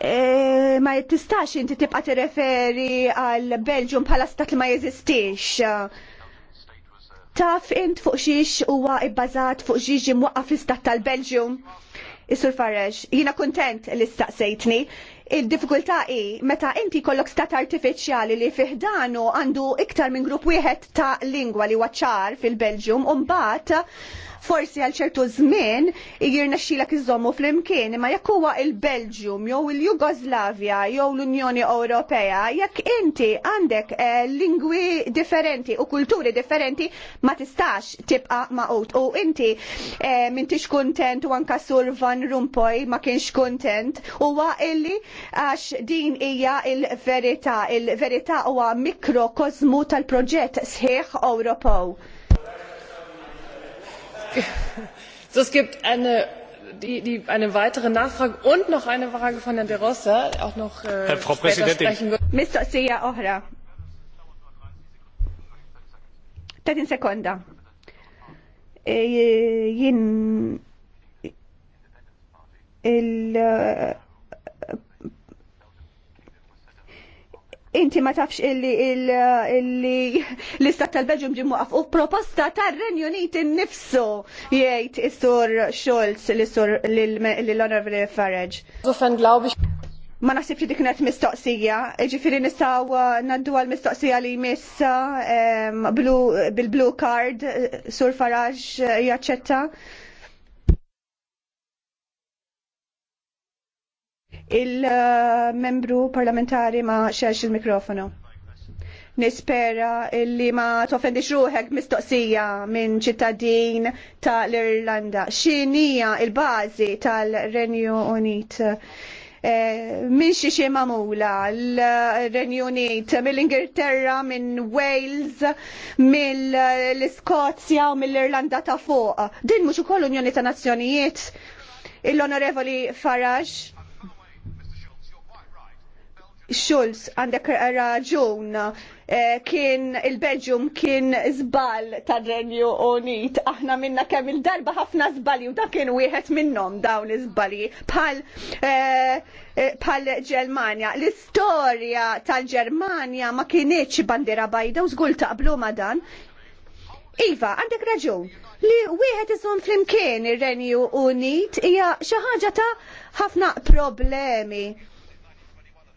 E, ma tistax inti tibqa tirreferi għal Belġium bħala stat li ma jeżistix. Taf int fuq xiex huwa bbażat fuq xiex ġimwaqqa fl-istat tal-Belġium. Isur Farage, jina kontent li staqsejtni. Il-diffikultà hi meta inti kollok stat artifiċjali li fiħdanu għandu iktar minn grupp wieħed ta' lingwa li waċċar fil-Belġium u mbagħad forsi għal ċertu żmien jirna xilak iżommu fl-imkien, ma jekk huwa il-Belġium jew il-Jugoslavja jew l-Unjoni Ewropea, jekk inti għandek eh, lingwi differenti u kulturi differenti ma tistax tibqa' maqut u inti eh, mintix kuntent u anka Sur Van Rumpoj ma kienx kuntent huwa illi għax din hija il-verità, il-verità huwa mikrokosmu tal-proġett sħiħ Ewropew. So, es gibt eine, die, die, eine weitere Nachfrage und noch eine Frage von Herrn De Rossa, auch noch äh, Frau Präsidentin. Mr. Sia Ohra. 30 sekonda. E, jien il inti ma tafx illi l-istat tal-Belġium ġimmu għaf u proposta tar-Renju Unit innifsu jgħid is-sur Schulz l-Honorable Farage. Zufen glaube ich ma nasibx dik net mistoqsija, ġifiri nistaw uh, naddu għal mistoqsija li jmissa uh, bil-blue card, uh, sur Farage jaċċetta. Il-membru parlamentari ma xerx il mikrofono Nispera illi ma tofendix ruħek mistoqsija minn ċittadin tal-Irlanda. Xinija il-bazi tal-Renju Unit? Eh, minn xi xi mamula l-Renju Unit, mill-Ingilterra, minn Wales, mill-Iskozja u mill-Irlanda ta' fuq. Din mhux ukoll Unjoni ta' Nazzjonijiet. Il-Onorevoli Farage Schulz għandek raġun eh, kien il-Belġium kien zbal ta' Renju Unit. Aħna minna kemm il-darba ħafna zbali u dak kien wieħed minnhom dawn iż-żbali bħal eh, eh L-istorja tal-Ġermanja ma kienieċ bandiera bajda u żgul taqblu ma dan. Iva, għandek raġun li wieħed iżun flimkien ir-Renju Unit hija xi ħaġa ta' ħafna problemi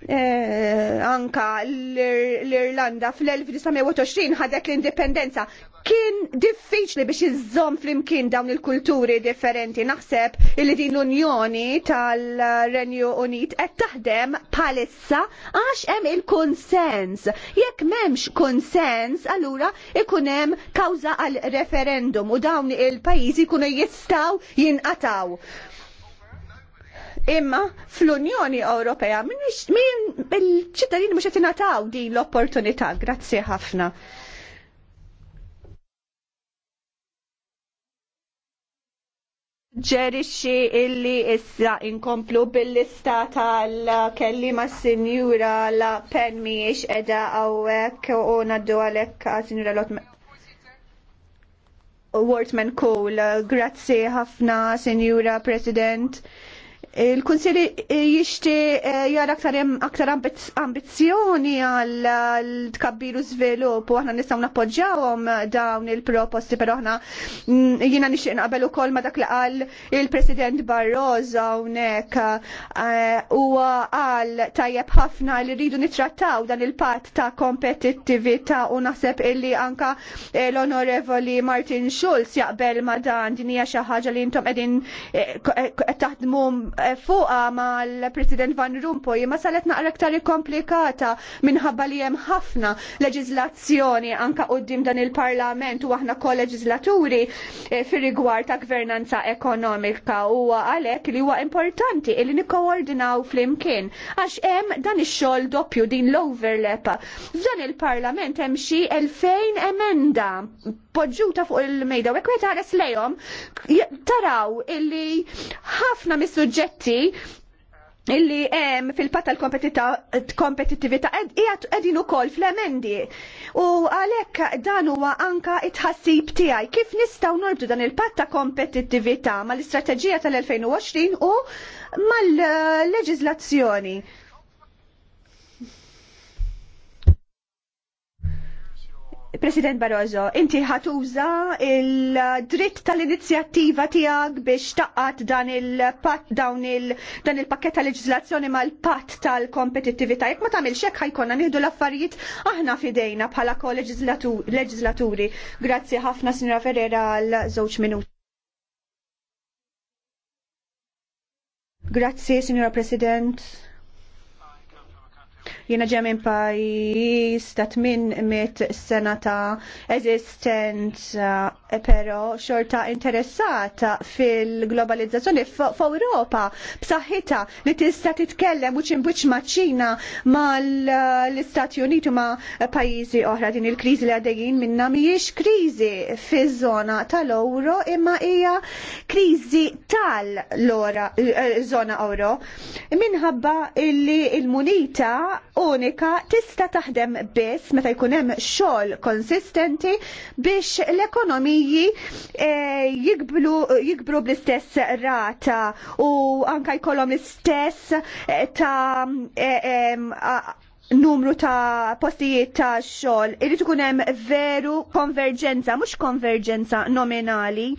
Eh, anka l-Irlanda fl-1920 ħadek l-indipendenza. Kien diffiċli biex iżżomm flimkien dawn il-kulturi differenti. Naħseb illi din l-Unjoni tal-Renju Unit qed taħdem palissa għax hemm il-konsens. Jekk m'hemmx konsens, allura ikun hemm kawża għal referendum u dawn il-pajjiżi jkunu jistgħu jinqataw. Imma fl-Unjoni Ewropea min il-ċittadini mhux qed ingħataw din l-opportunità. Grazzi ħafna. ġerixi illi issa inkomplu bil-lista tal ma sinjura la pen miex edha għawek u naddu għalek ah, sinjura Lotman. Wortman Cole, grazzi ħafna, Sinjura President il kunsil jixti eh, jara aktar aktar ambizjoni għal tkabbiru svilup u aħna nistaw nappoġġawhom dawn il-proposti, pero aħna mm, jina nixtieq naqbel ukoll ma dak li qal il-President Barroso hawnhekk huwa eh, qal tajjeb ħafna li rridu nittrattaw dan il pat ta' kompetittività u naħseb illi anka eh, l-Onorevoli Martin Schulz jaqbel ma dan din hija xi ħaġa li intom qegħdin taħdmu Eh, fuqa mal-President Van Rompuy ma salet naqra ktar komplikata minħabba li hemm ħafna leġiżlazzjoni anka qudiem dan il-Parlament u aħna leġizlaturi eh, fir-rigward ta' gvernanza ekonomika u għalhekk li huwa importanti li nikkoordinaw flimkien għax hemm dan ix-xogħol doppju din l-overlap. F'dan il-Parlament hemm xi 2000 emenda poġġuta fuq il-mejda u hekk lejhom taraw illi ħafna mis-suġġetti aspetti illi hemm fil patal l-kompetittività qegħdin ukoll fl-emendi. U għalhekk dan huwa anka it-ħassib tiegħi kif nistgħu norbdu dan il-patta kompetittività mal-istrateġija tal-2020 u mal-leġiżlazzjoni. President Barroso, inti ħatuża il-dritt tal-inizjattiva tiegħek biex taqat dan il pat dawn il dan il-pakket ta' leġislazzjoni mal-patt tal-kompetittività. Jekk ma tagħmel hekk ħajkonna nieħdu l-affarijiet aħna fidejna bħala ko leġislaturi. Grazzi ħafna Sinra Ferrera għal żewġ minuti. Grazzi, Signora President. Jiena ġem minn pajis ta' tmien mit sena ta' eżistenza, eh, però xorta interessata fil-globalizzazzjoni f'Ewropa b'saħħitha li tista' titkellem u ċimbuċ ma' Ċina mal-Istati Uniti ma' pajjiżi oħra din il-kriżi li għaddejjin minna mhijiex kriżi fiż-żona tal-Ewro imma hija kriżi tal żona eh, Ewro minħabba illi il-munita unika tista' taħdem biss meta jkun hemm xogħol konsistenti biex l-ekonomiji eh, jikbru jikbru bl-istess rata u anka jkollhom l-istess eh, ta' eh, numru ta' postijiet ta' xogħol irid ikun hemm veru konverġenza, mhux konverġenza nominali.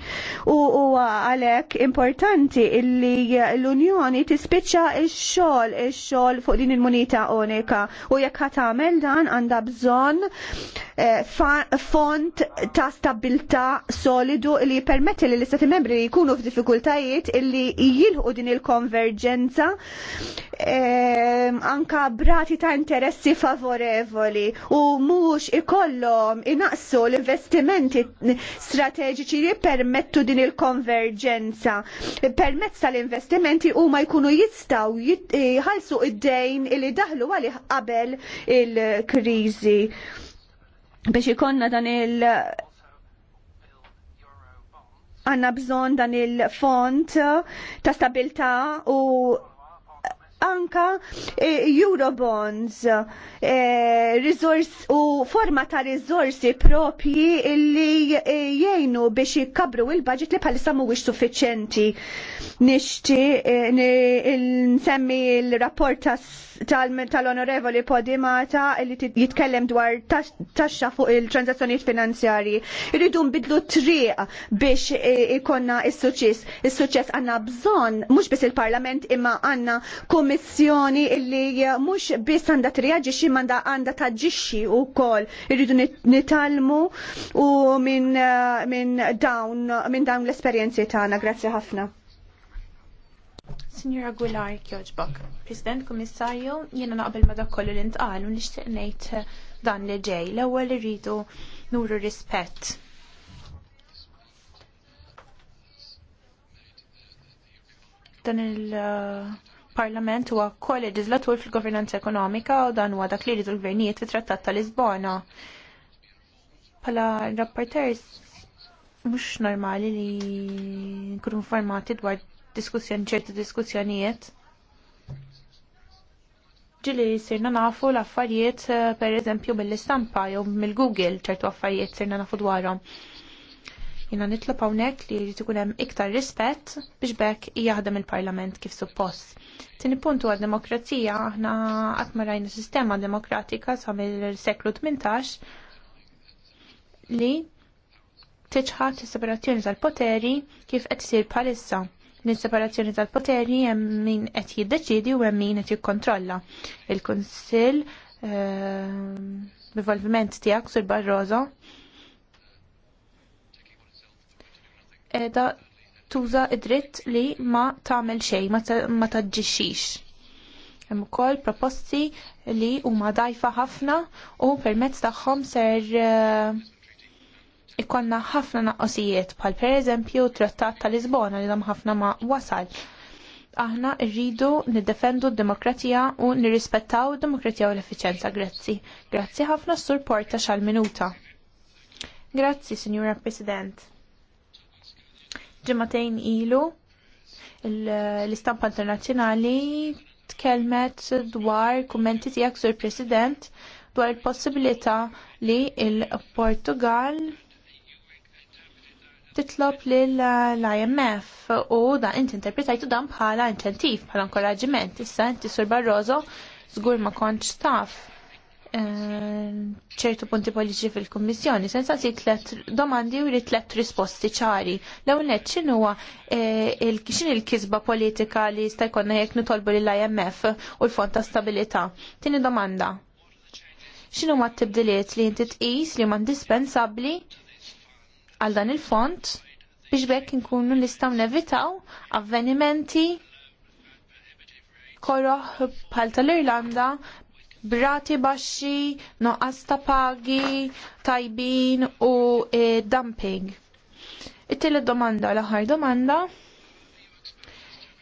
U huwa għalhekk importanti illi l-Unjoni tispiċċa x-xogħol ix-xogħol fuq din il-munita unika u jekk ħadd tagħmel dan għandha bżonn eh, font ta' stabilità solidu li jippermetti li l-istati membri li jkunu f'diffikultajiet illi jilħu din il-konverġenza eh, anka brati ta' interess interessi favorevoli u mhux ikollhom inaqsu l-investimenti strateġiċi li permettu din il-konverġenza. Permezz tal-investimenti huma jkunu jistgħu jħalsu eh, id-dejn li daħlu għalih qabel il-kriżi biex ikonna dan il- għanna bżon dan il-font ta' stabilta' u anka eh, Eurobonds e, u forma ta' rizorsi propji li eh, jgħinu biex jikkabru il-budget li bħalissa mhuwiex suffiċenti. Nixti nsemmi il-rapport ta' tal-onorevoli Podimata li jitkellem dwar taxxa fuq il-transazzjonijiet finanzjarji. Irridu nbidlu triq biex ikonna is-suċess. Is-suċess għandna bżonn mhux biss il-Parlament imma għandna kummissjoni li mhux biss għandha triaġixxi m'għandha għandha taġixxi wkoll. Irridu nitalmu u minn dawn minn dawn l-esperjenzi tagħna. Grazzi ħafna. Signora Aguilar Kjoġbok, President Komissarju, jiena naqbel ma dakollu l-intqal u nixtieq ngħid eh, dan li ġej. L-ewwel rridu nuru rispett. Dan il eh, Parlament huwa koleġislatur fil-governanza ekonomika u dan huwa dak li jridu l-gvernijiet fit-Trattat ta' Lisbona. Pala rapporters mhux normali li nkunu informati dwar diskussjoni ċerti diskussjonijiet. Ġili sirna nafu l-affarijiet eh, per eżempju mill-istampa jew mill-Google ċertu affarijiet sirna nafu dwarhom. Jina nitlob hawnhekk li jrid ikun hemm iktar rispett biex bekk jaħdem il-Parlament kif suppost. Tieni puntu għad demokrazija aħna qatt ma rajna sistema demokratika sa mill-seklu 18 li tiċħat is separazzjoni tal-poteri kif qed isir bħalissa nis-separazzjoni tal-poteri hemm min qed jiddeċidi u hemm min qed jikkontrolla. Il-Kunsill ehm, l-involviment tiegħek sur Barroso edha tuża id-dritt li ma tagħmel xejn, ma taġġixxix. Hemm ukoll proposti li huma dajfa ħafna u permezz tagħhom ser eh, ikonna ħafna naqqosijiet bħal pereżempju t trattat tal-Lisbona li dam ħafna ma wasal. Aħna rridu niddefendu d-demokratija u nirrispettaw d-demokratija u l efficienza Grazzi. Grazzi ħafna sur porta xal-minuta. Grazzi, Signora President. Ġematejn ilu l-istampa internazzjonali tkellmet dwar kummenti tiegħek sur President dwar il-possibilità li il-Portugal titlob lill-IMF eh, u da inti interpretajtu dan bħala incentiv bħala inkoraġiment. Issa inti sur Barroso żgur ma kontx taf eh, ċertu punti politiċi fil-Kommissjoni. Sensa si tlet domandi u li tlet risposti ċari. L-għunet ċinuwa eh, xin il-kizba politika li sta jkonna jek nutolbu l-IMF u l-Fond ta' Stabilita. Tini domanda. Xinu t-tibdiliet li jinti tqis li ma dispensabli għal dan il-font biex bekk nkunu nistaw nevitaw avvenimenti korroħ bħal tal-Irlanda brati baxxi, noqqas ta' pagi, tajbin u e, dumping. It-tielet domanda, l-aħħar domanda,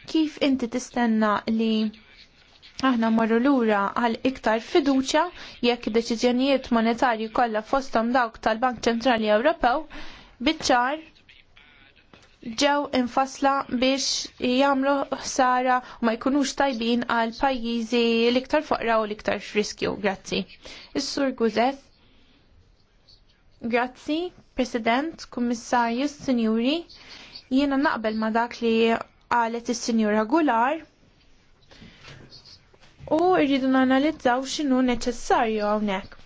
kif inti tistenna li aħna marru lura għal iktar fiduċja jekk deċiżjonijiet monetarji kollha fosthom dawk tal-Bank Ċentrali Ewropew biċ-ċar ġew infasla biex jagħmlu ħsara u ma jkunux tajbin għal pajjiżi l-iktar foqra u l-iktar friskju. Grazzi. Is-Sur Guzef. Grazzi, President, Kummissarju, Sinjuri. Jiena naqbel ma dak li qalet is-Sinjura Gular u rridu nanalizzaw x'inhu neċessarju hawnhekk.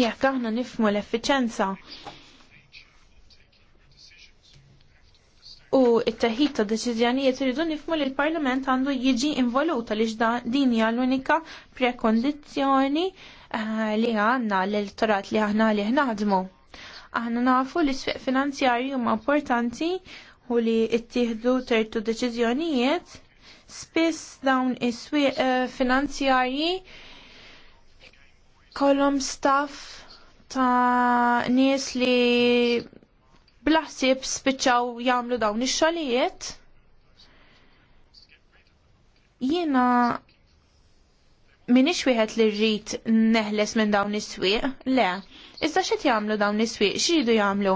Jekk aħna nifmu l-effiċenza u it-teħid ta' deċiżjonijiet iridu nifmu li l-Parlament għandu jiġi involuta li din hija l-unika prekondizzjoni eh, li għandna l-elettorat li aħna li naħdmu. Aħna nafu li s finanzjarji huma importanti u li ttieħdu tertu deċiżjonijiet spiss dawn is-swieq eh, finanzjarji kolom staff ta' nies li blaħsib spiċċaw jagħmlu dawn ix-xogħlijiet. Jiena minix wieħed li rrid neħles minn dawn is-swieq, le. Iżda xed jagħmlu dawn is-swieq, x'ridu jagħmlu?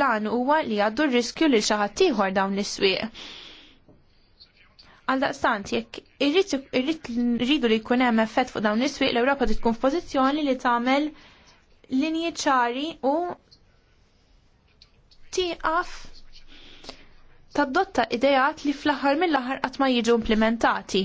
Lan huwa li għaddu r-riskju lil xi ħadd ieħor dawn is-swieq. Għaldaqstant, jekk irridu li jkun hemm effett fuq dawn is-swieq, l-Ewropa tkun f'pożizzjoni li tagħmel linji ċari u tieqaf tadotta idejat li fl-aħħar mill-aħħar qatt ma jiġu implementati.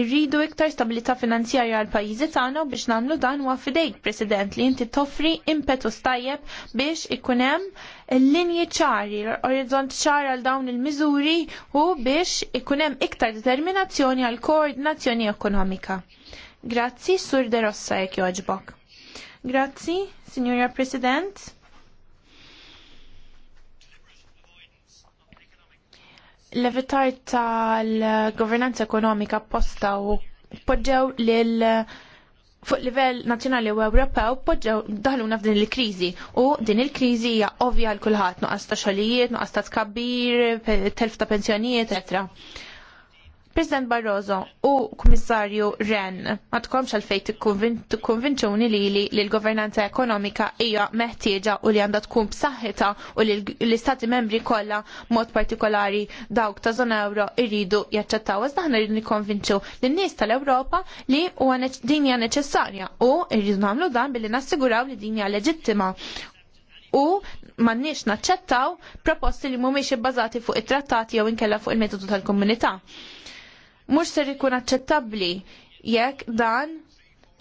Irridu iktar stabilità finanzjarja għal pajjiżi tagħna biex nagħmlu dan huwa fidejk, President, li inti toffri impetu stajjeb biex ikun hemm linji ċari, orizzont ċar għal dawn il-miżuri u biex ikun hemm iktar determinazzjoni għal koordinazzjoni ekonomika. Grazzi, Sur De Rossa, jekk joġbok. Grazzi, Signora President. l-evitar tal-governanza ekonomika posta u podġew lil fuq livell nazzjonali u Ewropew podġew daħluna f'din il-kriżi u din il-kriżi hija ovvja l kulħadd nuqqas ta' xogħlijiet, nuqqas ta' tkabbir, telf ta' pensjonijiet, etc. President Barroso u Kummissarju Ren, ma tkomx għalfej tikkonvinċuni li li l-governanza ekonomika hija meħtieġa u li għandha tkun b'saħħitha u li l-istati membri kollha mod partikolari dawk ta' zona euro irridu jaċċettaw. Għazda ħna rridu nikkonvinċu lin-nies tal-Ewropa li huwa din hija neċessarja u rridu nagħmlu dan billi nassiguraw li din hija leġittima u mannix naċċettaw proposti li mumiex ibbażati fuq it-trattati jew inkella fuq il-metodu tal-komunità mhux ser ikun aċċettabbli jekk dan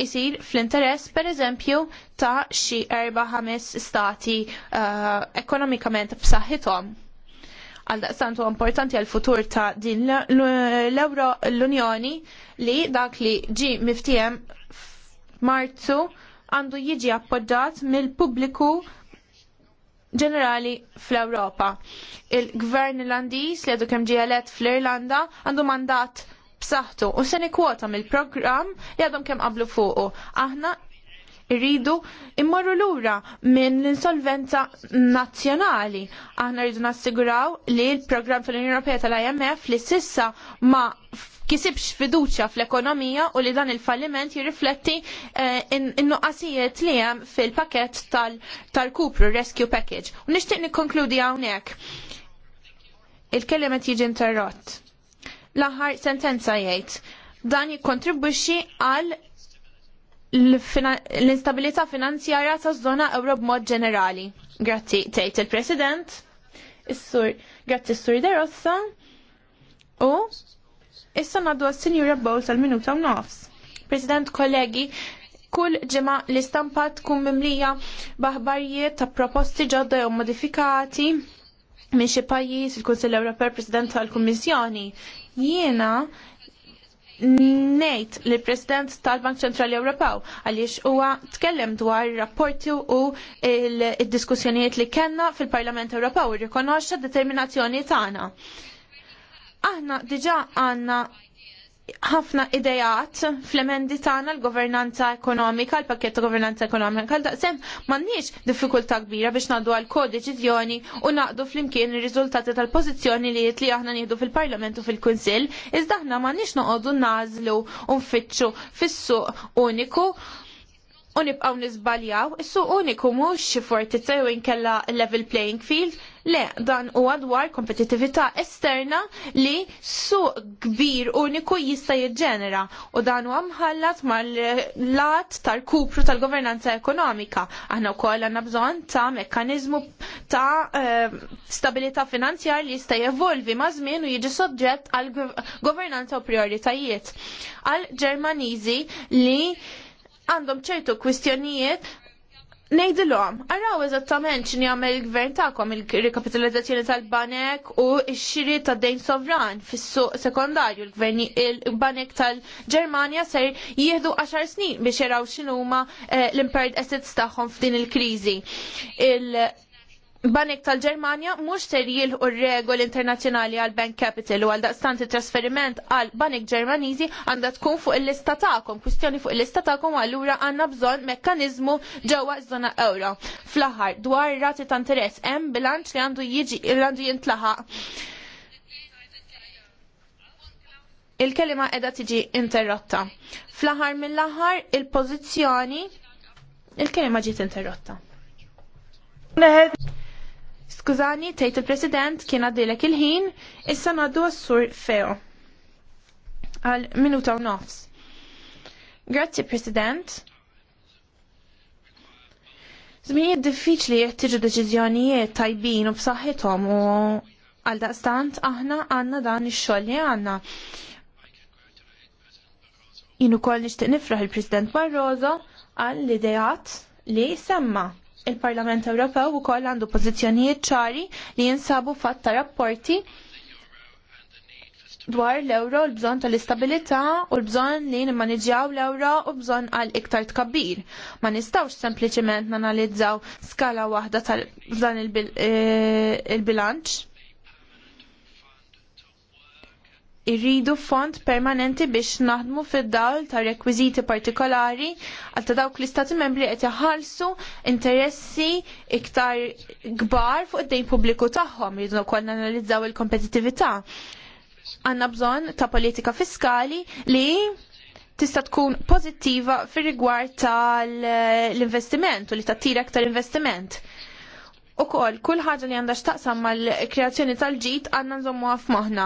isir fl-interess per eżempju ta' xi erba' ħames stati uh, ekonomikament b'saħħithom. Għal daqstantu importanti għal futur ta' din l-euro l-Unjoni li dak li ġi miftijem marzu għandu jiġi appoġġat mill-pubbliku ġenerali fl-Europa. Il-gvern irlandiż li għadu kemm ġie elett fl-Irlanda għandu mandat b'saħħtu u se nikwota mill-programm li għadhom kemm qablu fuqu. Aħna irridu immorru lura minn l-insolvenza nazzjonali. Aħna rridu nassiguraw li l-programm fil-Unjoni Ewropea tal-IMF li sissa ma kisibx fiduċja fl-ekonomija u li dan il-falliment jirrifletti eh, in-nuqqasijiet li hemm fil-pakett tal-kupru Rescue Package. U nixtieq nikkonkludi hawnhekk. il qed jiġi interrott l-aħħar sentenza jgħid. Dan jikkontribwixxi għal l-instabilità finanzjarja ta' żona ewro b'mod ġenerali. Grazzi tgħid il-President, is-sur grazzi s-sur Derossa u issa ngħaddu għas-Sinjura Bowl tal-minuta u nofs. President kollegi, kull ġimgħa l-istampa tkun mimlija baħbarijiet ta' proposti ġodda jew modifikati minn xi pajjiż il-Kunsill Ewropew President tal-Kummissjoni. Jiena nejt li president tal-Bank Ċentrali Ewropew għaliex huwa tkellem dwar rapporti u il-diskussjonijiet li kellna fil-Parlament Ewropew irrikonoxxa determinazzjoni tagħna. Aħna diġà għandna ħafna idejat fl-emendi tagħna l-governanza ekonomika, l-pakket ta' governanza ekonomika, daqsem m'għandniex diffikultà kbira biex ngħaddu għal kodeċiżjoni u naqdu flimkien ir-riżultati tal-pożizzjoni li li aħna nieħdu fil-Parlament u fil-Kunsill, iżda aħna m'għandniex noqogħdu nażlu u nfittxu fis-suq uniku u nibqaw nizbaljaw, issu uniku mhux xi forti jew inkella level playing field, le dan huwa dwar kompetitività esterna li su kbir uniku jista' jiġġenera u dan huwa mħallat l lat tal-kupru tal-governanza ekonomika. Aħna wkoll għandna bżonn ta' mekkaniżmu ta' stabilita eh, stabilità finanzjar li jista' jevolvi ma' żmien u jiġi soġġett għal governanza u prioritajiet. Għal Ġermaniżi li għandhom ċertu kwistjonijiet Nejdilom, għaraw eżattament xini għamel il-gvern ta'kom il-rekapitalizzazzjoni tal-banek u x-xiri ta' dejn sovran fis-suq sekondarju. Il-banek tal-Germania ser jieħdu 10 snin biex jaraw x'inhuma eh, l-impaired assets tagħhom f'din il-kriżi. il kriżi banek tal-Germania mux ser jilħu regoli internazjonali għal bank capital u għal daqstanti trasferiment għal banek ġermanizi għanda tkun fuq il-lista tagħkom. kustjoni fuq il-lista tagħkom għallura għanna bżon mekkanizmu ġewwa zona euro. Fl-aħħar dwar rati ta' interess hemm bilanċ li għandu jiġi għandu jintlaħaq. Il-kelima edha tiġi interrotta. Fl-aħħar mill-aħħar il-pożizzjoni il-kelima ġiet interrotta. Skużani, tgħid il-President kien għaddilek il-ħin, issa ngħaddu għassur feo. Għal minuta u nofs. Grazzi, President. Zmijiet diffiċli tiġu deċiżjonijiet tajbin u b'saħħithom u għal daqstant aħna għandna dan ix-xogħol li għandna. Jien ukoll nixtieq nifraħ il-President Barroso għall ideat li semma il-Parlament Ewropew ukoll għandu pożizzjonijiet ċari li jinsabu fatta rapporti dwar l-euro, l-bżon tal-istabilità u l-bżon li nimmaniġjaw l-euro u bżon għal iktar tkabbir. Ma nistawx sempliciment nanalizzaw skala waħda tal-dan eh, il-bilanċ. irridu fond permanenti biex naħdmu fid-dawl ta' rekwiżiti partikolari għal ta' dawk l-istati membri qed jaħallsu interessi iktar kbar fuq id-dejn pubbliku tagħhom jridu wkoll nanalizzaw il-kompetittività. Għandna bżonn ta' politika fiskali li tista' tkun pożittiva fir-rigward tal-investiment u li tattira aktar investiment u kol kull ħaġa li għandax taqsam mal-kreazzjoni tal-ġit għanna nżommu għaf maħna.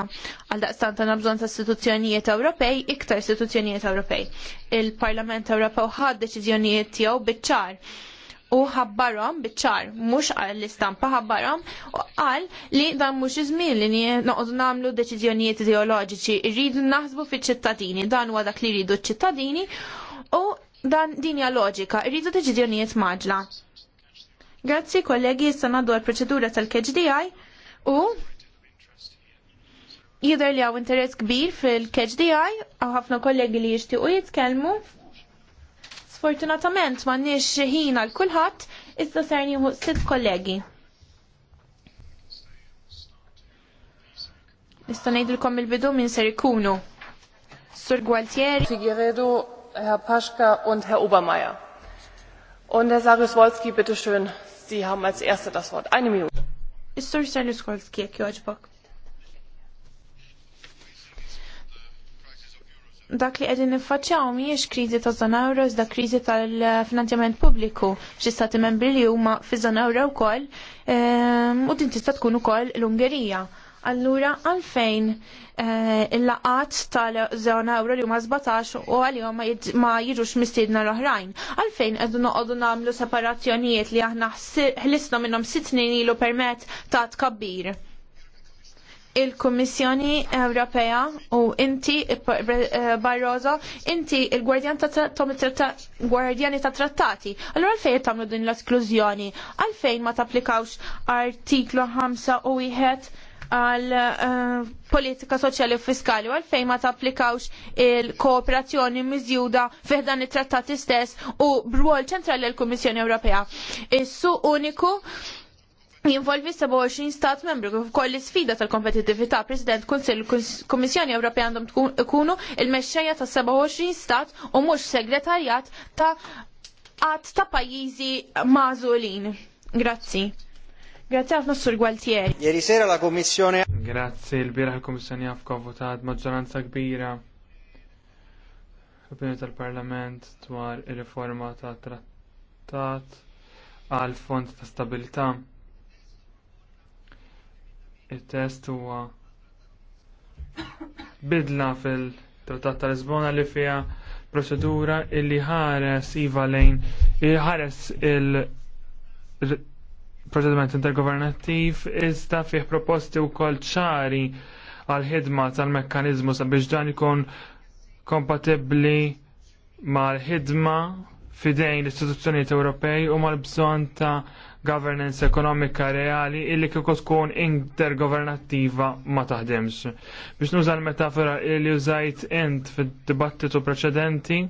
Għal daqstan ta' nabżon ta' istituzzjonijiet Ewropej, iktar istituzzjonijiet Ewropej. Il-Parlament Ewropew ħad deċiżjonijiet tiegħu biċ-ċar u ħabbarom biċ-ċar, mux għall-istampa ħabbarom, u għal li dan mux izmin li noqdu namlu deċizjonijiet ideoloġiċi, rridu naħsbu fiċ ċittadini dan huwa dak li rridu ċittadini u dan dinja loġika, rridu deċizjonijiet maġla. Grazzi kollegi, sanadu għal proċedura tal-KHDI u jider li għaw interess kbir fil-KHDI għaw ħafna kollegi li jishti u jitkelmu. Sfortunatament ma nix ħin għal kulħadd, iżda serni sitt kollegi. Nista' ngħidilkom il-bidu minn ser ikunu. Sur Gualtieri. Figueredo, Herr Paschka und Herr Obermeier. Und Herr Sarus-Wolski, bitte schön, Sie haben als Erste das Wort. Eine Minute. Is-sur Sarniskolski, jek joġbok. dak li għedin nifacċaw miex krizi ta' zona euro, da krizi tal-finanzjament publiku, xi stati membri li huma fi zona euro wkoll, ehm, u din tista' tkun ukoll l-Ungerija. Allura, għalfejn eh, il-laqat tal-zona euro li huma zbatax u għalihom ma jiġux mistiedna l-oħrajn. Għalfejn qed noqogħdu nagħmlu separazzjonijiet li aħna ħlisna minnhom sitnin ilu permett ta' tkabbir. Il-Kummissjoni Ewropea u inti eh, Barroso, inti il gwardjani ta' trattati. Allora għalfejn tagħmlu din l-esklużjoni? Għalfejn ma tapplikawx artiklu 5 u wieħed għal eh, politika soċjali u fiskali u għalfejn ma tapplikawx il-kooperazzjoni miżjuda dan it-trattati stess u b'rwol ċentrali l-Kummissjoni Ewropea. Issu uniku jinvolvi 27 stat membru kif ukoll l-isfida tal-kompetittività President Kunsill Kummissjoni Ewropea għandhom ikunu il-mexxejja ta' 27 stat u mhux segretarjat ta' qatt ta' pajjiżi mażulin. Grazzi. Grazie al nostro Gualtieri. Ieri sera la commissione. Grazie, il-bira l-Kommissjoni għafka votato maġġoranza kbira l del tal-Parlament dwar ir-riforma ta' trattat al fond ta' stabilità. Il-test huwa bidla fil-trattat ta' Lisbona li fiha proċedura illi ħares iva lejn ħares il proċediment intergovernattiv iżda fih proposti wkoll ċari għal ħidma tal-mekkanizmu sabiex dan ikun kompatibbli mal-ħidma fidejn l-istituzzjonijiet Ewropej u mal-bżonn ta' governance ekonomika reali illi kieku tkun intergovernattiva ma taħdimx. Biex nuża l-metafora illi użajt int fid-dibattitu preċedenti,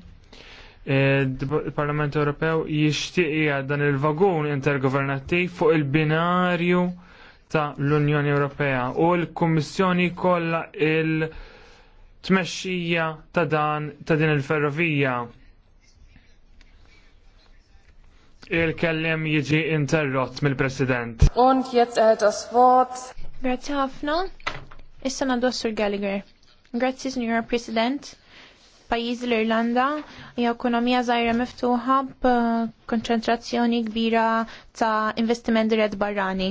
il-Parlament Ewropew jixtieq dan il-vagun intergovernattiv fuq il-binarju ta' l-Unjoni Ewropea u l-Kummissjoni kollha il-tmexxija ta' dan ta' din il-ferrovija. Il-kellem jiġi interrott mill-President. Und jetzt erhält äh, das Wort. Grazie ħafna. Issa nadu Sir Gallagher. Grazie, Signor President pajjiż l-Irlanda hija ekonomija żgħira miftuħa b'konċentrazzjoni kbira ta' investimenti red barrani.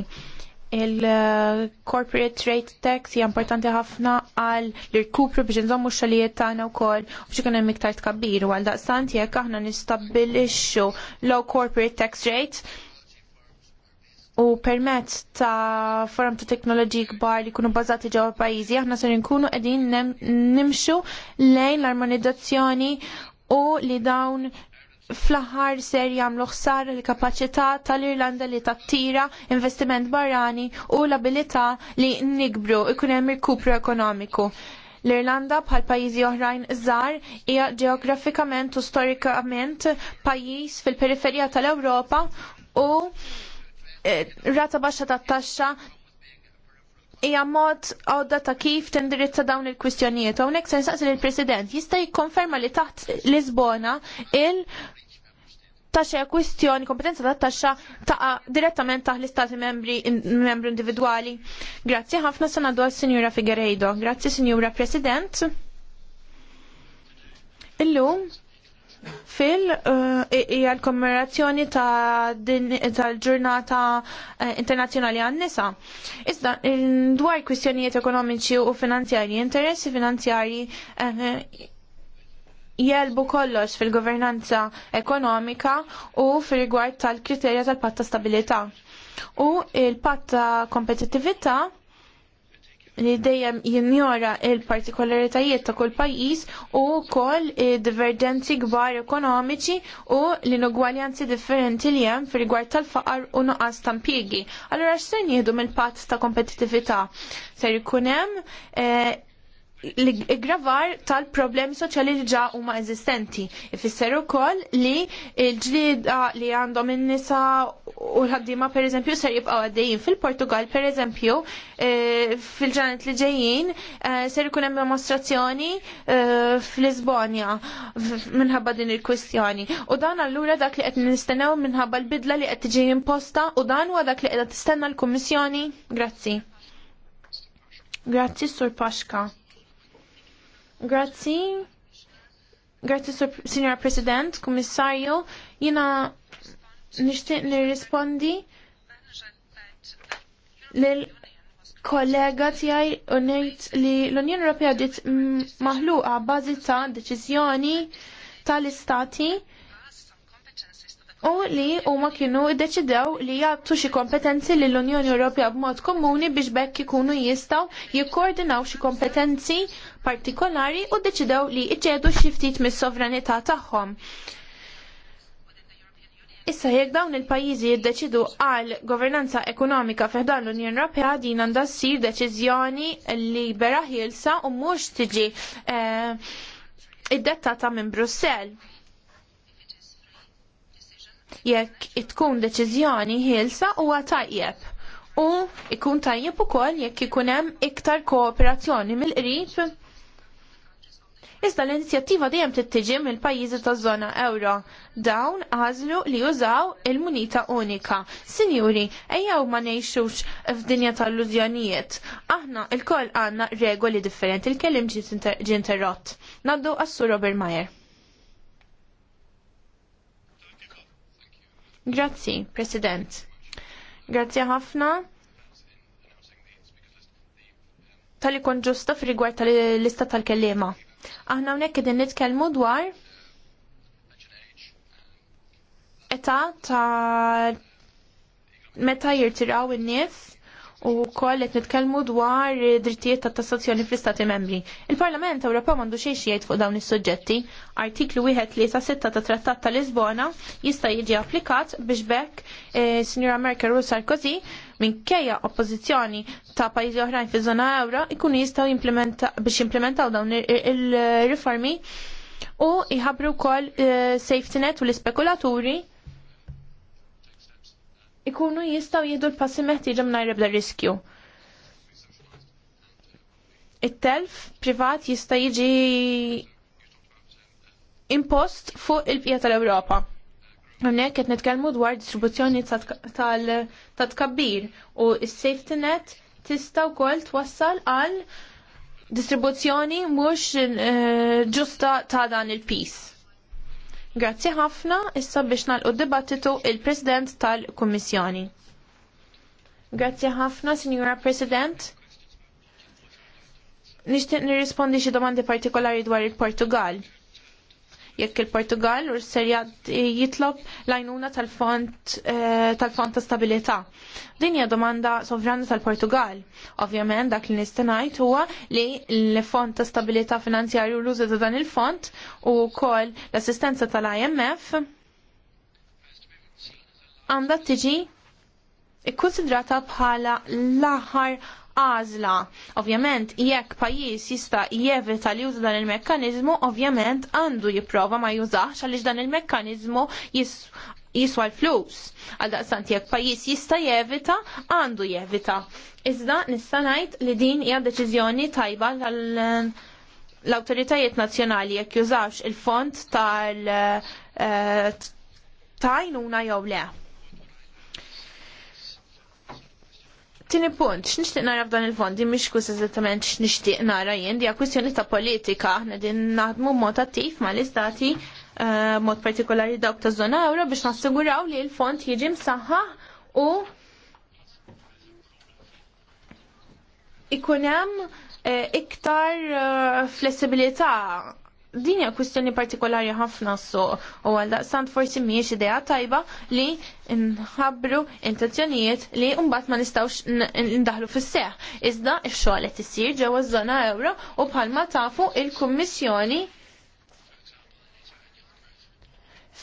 Il-corporate trade tax hija importanti ħafna għal l-irkupru biex nżommu xalijiet tagħna wkoll u biex ikun hemm iktar tkabbir u għal daqstant jekk aħna nistabbilixxu low corporate tax rate u permezz ta' forum ta' teknoloġiji kbar li jkunu bazati ġewwa pajjiżi aħna se nkunu qegħdin nimxu lejn l-armonizzazzjoni u li dawn fl-aħħar ser jagħmlu ħsar il-kapaċità tal-Irlanda li tattira investiment barrani u l-abilità li nikbru ikun hemm irkupru ekonomiku. L-Irlanda bħal pajjiżi oħrajn żgħar hija ġeografikament u storikament pajjiż fil-periferija tal-Ewropa u Eh, rata baxxa tat-taxxa hija mod għodda ta' kif tindirizza dawn il-kwistjonijiet. Hawnhekk se nsaqsi president jista' jikkonferma li taħt Lisbona il taxxa kwistjoni kompetenza ta' taxxa ta' direttament taħt l-istati membri membru individwali. Grazzi ħafna se ngħaddu sinjura Figueiredo. Grazzi Sinjura President. Illum fil eh, hija l-kommemorazzjoni tal-ġurnata eh, internazzjonali għan-nisa. Iżda dwar kwistjonijiet ekonomiċi u finanzjari, interessi finanzjarji eh, jelbu kollox fil-governanza ekonomika u fil-rigward tal-kriterja tal-patta stabilità. U il-patta kompetittività li dejjem jinjora il-partikolaritajiet ta' kull pajjiż u wkoll divergenzi kbar ekonomiċi u l-inugwaljanzi differenti li hemm fir-rigward tal-faqar u nuqqas ta' impjiegi. Allura x'ser nieħdu mill-patt ta' kompetitività? Ser ikun hemm eh, l-gravar tal-problemi soċjali li ġa huma eżistenti. Ifisser ukoll li l-ġlieda li għandhom in-nisa u l-ħaddiema pereżempju ser jibqgħu għaddejjin fil-Portugal pereżempju eh, fil-ġanet li ġejjin eh, ser ikun hemm demonstrazzjoni eh, fl-Lisbonja minħabba din il-kwistjoni. U dan allura dak li qed nistennew minħabba l-bidla li qed tiġi imposta u dan huwa dak li qiegħda tistenna l-Kummissjoni. Grazzi. Grazzi Sur Paxka. Grazzi. Grazzi, Signor President, Kummissarju. Jina nishtiq nirrispondi l-kollega tijaj unajt li l-Unjoni Ewropea ġiet maħluqa bażi ta' deċiżjoni tal-istati u li huma kienu iddeċidew li jagħtu xi kompetenzi lill unjoni Ewropea b'mod komuni biex bekk ikunu jistgħu jikkoordinaw xi kompetenzi partikolari u deċidew li iċedu xiftit mis-sovranità tagħhom. Issa jekk dawn il-pajjiżi jiddeċidu għal governanza ekonomika fiħdan l-Unjoni Ewropea din għandha ssir deċiżjoni li bera ħielsa u mhux tiġi eh, iddettata minn Brussell. Jekk tkun deċiżjoni ħielsa huwa tajjeb u ikun tajjeb ukoll jekk ikun hemm iktar kooperazzjoni mill-qrib Iżda l-inizjattiva dejjem tittiġi mill-pajjiżi taż-żona euro. Dawn għażlu li jużaw il-munita unika. Sinjuri, ejjew ma ngħixux f'dinja tal-illużjonijiet. Aħna lkoll għandna regoli differenti il kellim ġinterrot. Naddu għassu Robert Mayer. Grazzi, President. Grazzi ħafna tal-li kon ġusta f'rigward tal-lista tal-kellima. Aħna hawnhekk qegħdin nitkellmu dwar età ta' meta jirtiraw in-nies u koll qed nitkellmu dwar drittijiet ta' tassazzjoni fl-Istati membri. Il-Parlament Ewropew m'għandu xejn jgħid fuq dawn is-suġġetti. Artiklu 136 ta' Trattat ta' Lisbona jista' jiġi applikat biex bekk e, eh, Sinjura Merkel u Sarkozy minkejja oppożizzjoni ta' pajjiżi oħrajn fiż-żona euro ikunu jistgħu biex jimplementaw dawn il-riformi u jħabru wkoll eh, safety net u l-ispekulaturi ikunu jistaw jihdu l-passi meħtieġa minn ebda riskju. It-telf privat jista' jiġi impost fuq il pija tal-Ewropa. Għonek qed nitkellmu dwar distribuzzjoni ta' tkabbir u s-safety net tista' wkoll twassal għal distribuzzjoni mhux eh, ġusta ta' dan il-peace. Grazzi ħafna, issa biex nalqu dibattitu il-President tal-Kummissjoni. Grazzi ħafna, Signora President. Nixtieq nirrispondi xi domandi partikolari dwar il-Portugal jekk il-Portugal u s-Serja jitlob l-għajnuna tal-fond eh, tal-fond ta' stabilità. Din hija domanda sovrana tal-Portugal. Ovvjament dak li nista' ngħid huwa li l-fond ta' stabilità finanzjarju l-użu ta' dan il-fond u wkoll l-assistenza tal-IMF għandha tiġi ikkonsidrata bħala l-aħħar għażla. Ovvjament, jekk pajjiż jista' jevita li juża dan il-mekkaniżmu, ovvjament għandu jipprova ma jużax għaliex dan il-mekkaniżmu jis jiswa l-flus. Għalda daqstant jekk pajis jista jevita, għandu jevita. Iżda nista' ngħid li din hija deċiżjoni tajba l-awtoritajiet nazzjonali jekk jużawx il-fond tal- eh, tajnuna jew le. Tini punt, x'nixtieq nara f'dan il-fondi mhix kus eżattament x'nixtieq nara jien, di kwistjoni ta' politika, aħna din naħdmu mod attiv mal-istati eh, mod partikolari dawk ta' żona ewra biex nassiguraw li l-fond jiġi msaħħa u ikun hemm eh, iktar eh, flessibilità din hija kwistjoni partikolari ħafna so u għal daqstant forsi mhijiex idea tajba li nħabru intenzjonijiet li mbagħad ma nistgħux ndaħlu fis-seħ. Iżda x-xogħol qed isir ġewwa żona euro u bħalma tafu il-Kummissjoni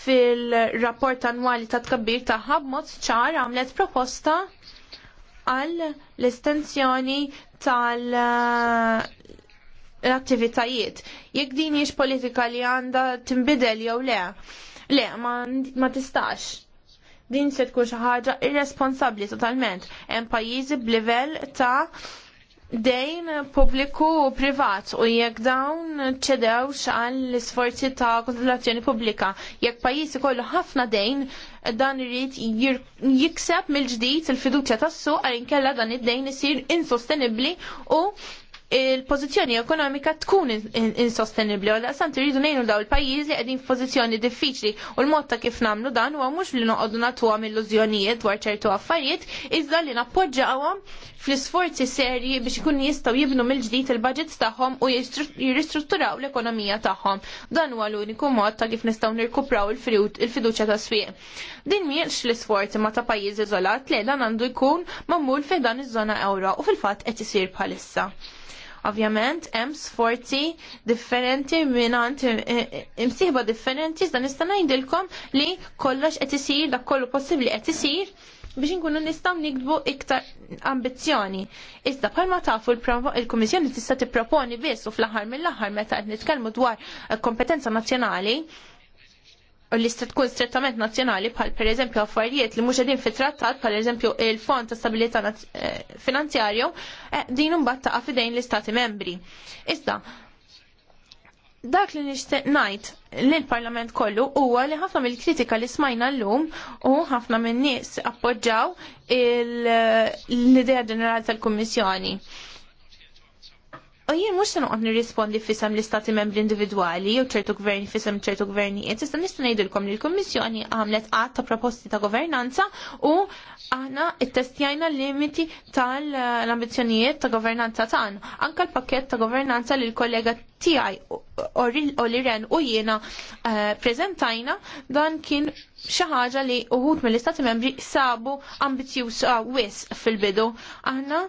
fil-rapport annwali ta' tkabbir ta' b'mod ċar għamlet proposta għal l-estensjoni tal l-attivitajiet. Jekk din jiex politika li għandha tinbidel jew le. Le, ma, ma tistax din se tkun xi ħaġa irresponsabbli totalment. Hemm pajjiżi b'livell ta' dejn pubbliku u privat u jekk dawn ċedewx għall isforzi ta' konsultazzjoni pubblika. Jekk pajjiż ikollu ħafna dejn, dan irid jikseb mill-ġdid il-fiduċja tas-suq għal dan id-dejn isir insostenibbli u il-pozizjoni ekonomika tkun insostenibli u laqsam tiridu nejnu daw il pajizi għedin qegħdin f'pożizzjoni diffiċli u l-mod ta' kif nagħmlu dan huwa mhux li noqogħdu nagħtuhom illużjonijiet dwar ċertu affarijiet iżda li nappoġġawhom fl-isforzi serji biex ikun jistgħu jibnu mill-ġdid il-budgets tagħhom u jirristrutturaw l-ekonomija tagħhom. Dan huwa l-uniku mod ta' kif nistgħu nirkupraw il-fiduċja ta' swieq. Din mhijiex l-isforzi ma ta' pajjiż iżolat li dan għandu jkun ma'mmul fejn dan iż-żona ewra u fil-fatt qed isir bħalissa. Ovvjament, hemm sforzi differenti minant eh, eh, imsieħba differenti, iżda nista' ngħidilkom li kollox qed isir dak kollu possibbli qed isir biex inkunu nistgħu nikdbu iktar ambizzjoni. Iżda bħalma tafu il-Kummissjoni tista' tipproponi biss u fl-aħħar mill-aħħar meta qed nitkellmu dwar kompetenza nazzjonali, u li tkun strettament nazzjonali bħal per eżempju affarijiet li mhux qegħdin fit-trattat bħal eżempju il-Fond ta' Stabilità eh, Finanzjarju eh, din imbagħad taqa' fidejn l-Istati Membri. Iżda, dak li nixtieq ngħid lill-Parlament kollu huwa li ħafna mill-kritika li smajna llum u ħafna minn nies appoġġaw l-idea ġenerali tal-Kummissjoni. U jien mhux se noqgħod nirrispondi fisem l-istati membri individwali jew ċertu gvern fisem ċertu gvernijiet, issa nista' ngħidulkom li l-Kummissjoni għamlet qatt ta' proposti ta' governanza u aħna ttestjajna l-limiti tal-ambizzjonijiet ta' governanza tagħna. Anke l-pakkett ta' governanza li l-kollega tiegħi ren u jiena eh, preżentajna dan kien xi ħaġa li uħud mill-istati membri sabu ambizjus ah, wis fil-bidu. Aħna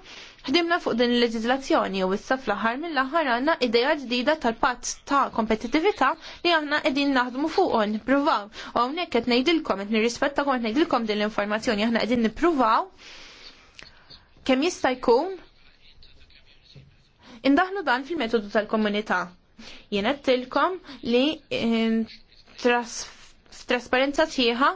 Ħdimna fuq din il-leġizlazzjoni u issa fl-aħħar mill-aħħar għandna idea ġdida tal-patt ta' kompetittività li għandna qegħdin naħdmu fuqhom nippruvaw. U hawnhekk qed ngħidilkom qed nirrispetta kont ngħidilkom din l-informazzjoni aħna qegħdin nippruvaw kemm jista' jkun indaħlu dan fil-metodu tal-komunità. Jien qed li eh, trasfer f'trasparenza sħiħa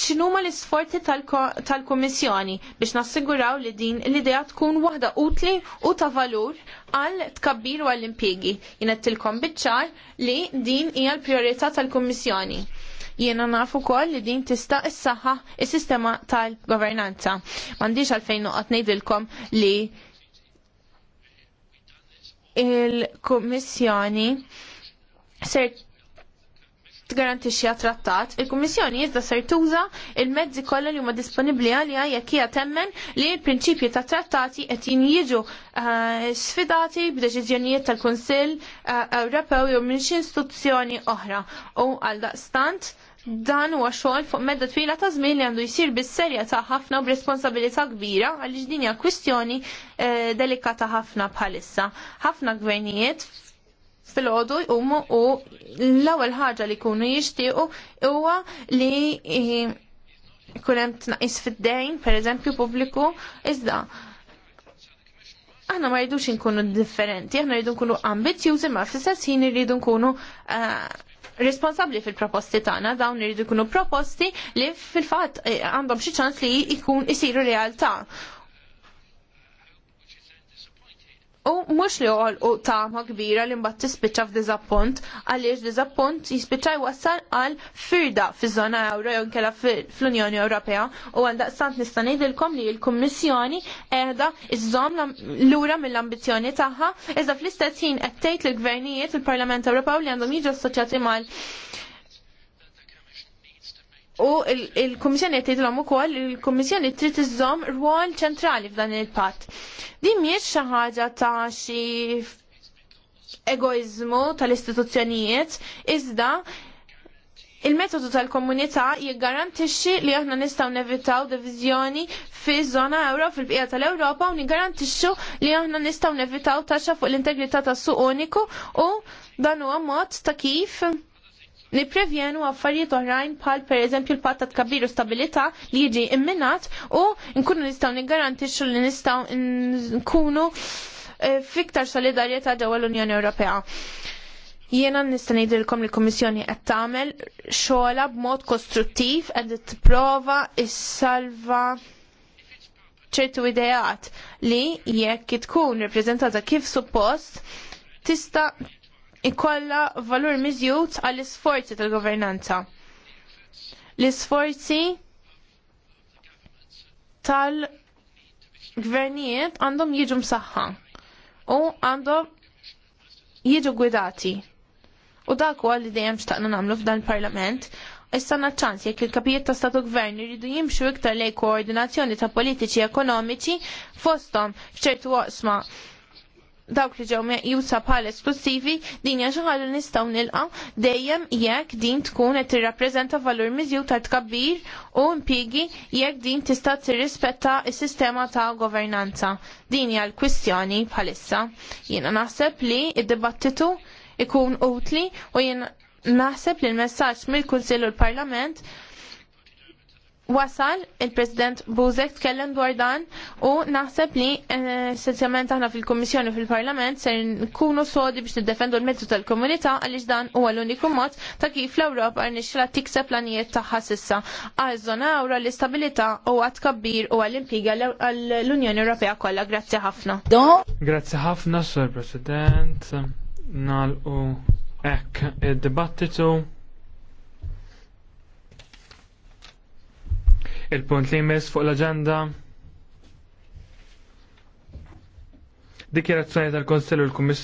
x'numa l-isforzi tal-Kummissjoni biex nassiguraw li din l-idea tkun waħda utli u ta' valur għal tkabbir u għall-impjegi. tilkom biċċar li din hija l prijorità tal-Kummissjoni jiena nafu kol li din tista s-saħħa il-sistema tal-governanza. M'għandix għalfejn noqgħod ngħidilkom li il-Kommissjoni ser tgarantixxi trattat, il-Kummissjoni jizda ser tuża il-mezzi kollha li huma disponibbli għalija jekk hija temmen li l-prinċipji ta' trattati qed jiġu eh, sfidati b'deċiżjonijiet tal-Kunsill eh, Ewropew jew minn xi istituzzjoni oħra. U għaldaqstant dan huwa xogħol fuq medda twila ta' żmien li għandu jsir bis-serja ta' ħafna u b'responsabilità kbira għaliex din hija kwistjoni eh, delikata ħafna bħalissa. Ħafna gvernijiet fil-ħodu jqumu u l-ewwel ħaġa li jkunu jixtiequ huwa li jkun eh, hemm tnaqis fid-dejn, pereżempju pubbliku, iżda aħna ma rridux inkunu differenti, aħna rridu nkunu ambizjużi ma fl-istess ħin irridu nkunu eh, responsabli fil-proposti tagħna dawn irridu jkunu proposti li fil-fatt eh, għandhom xi ċans li jkun isiru realtà. U mhux li għol u taħma kbira li mbagħad tispiċċa f'diżappunt, għaliex diżappunt jispiċċa jwassal għal firda fiż-żona Ewro jew inkella fl-Unjoni Ewropea u għal daqstant nista' ngħidilkom li l-Kummissjoni qiegħda l lura mill-ambizzjoni tagħha iżda fl-istess ħin qed tgħid lill-gvernijiet il-Parlament Ewropew li għandhom jiġu assoċjati mal U il-Kummissjoni qed tgħidilhom ukoll il-Kummissjoni trid iżżomm rwol ċentrali f'dan il-patt. Din mhijiex xi ħaġa ta' xi egoizmu tal-istituzzjonijiet, iżda il-metodu tal-komunità jiggarantixxi li aħna nistgħu nevitaw diviżjoni fi żona euro fil-bqija tal-Ewropa u niggarantixxu li aħna nistgħu nevitaw taxxa fuq l-integrità tas-suq uniku u dan huwa mod ta' kif niprevjenu affarijiet oħrajn bħal per eżempju l-patta tkabbiru stabilita li jiġi imminat u nkunu nistaw nigarantixxu li nistaw nkunu e, fiktar solidarjetà ġewwa l-Unjoni Ewropea. Jiena nista' ngħidilkom li l-Kummissjoni qed tagħmel xogħla b'mod kostruttiv qed tipprova issalva ċertu ideat li jekk tkun rappreżentata kif suppost tista' ikolla valur miżjud għall isforzi tal-governanza. L-isforzi tal-gvernijiet għandhom jiġu msaħħa u għandhom jiġu gwidati. U dak huwa li dejjem xtaqna nagħmlu f'dan il-Parlament, issa ċans jekk il-kapijiet ta' statu gvern iridu jimxu iktar lej koordinazzjoni ta' politiċi ekonomiċi fosthom f'ċertu waqsma dawk li ġew meqjusa bħala esklusivi din hija xi ħaġa nistgħu nilqa' dejjem jekk din tkun qed tirrappreżenta valur miżju ta' tkabbir u impjiegi jekk din tista' tirrispetta s-sistema ta' governanza. Din hija l-kwistjoni bħalissa. Jiena naħseb li d dibattitu ikun utli u jiena naħseb li l-messaġġ mill-Kunsill u l-Parlament wasal il-President Buzek tkellem dwar dan u naħseb li eh, essenzjalment aħna fil-Kummissjoni fil-Parlament ser nkunu sodi biex niddefendu l-mezzu tal-komunità għaliex dan huwa l-uniku mod ta' kif l-Ewropa nixra tikseb planijiet tagħha sissa għal żona ewra l-istabilità u għad kabbir u għall-impjiga l-Unjoni Ewropea kollha. Grazzi ħafna. Grazzi ħafna, Sir President. u hekk id-dibattitu. Il-punt li jmiss fuq l-agenda dikjerazzjoni tal u l-Kummissjoni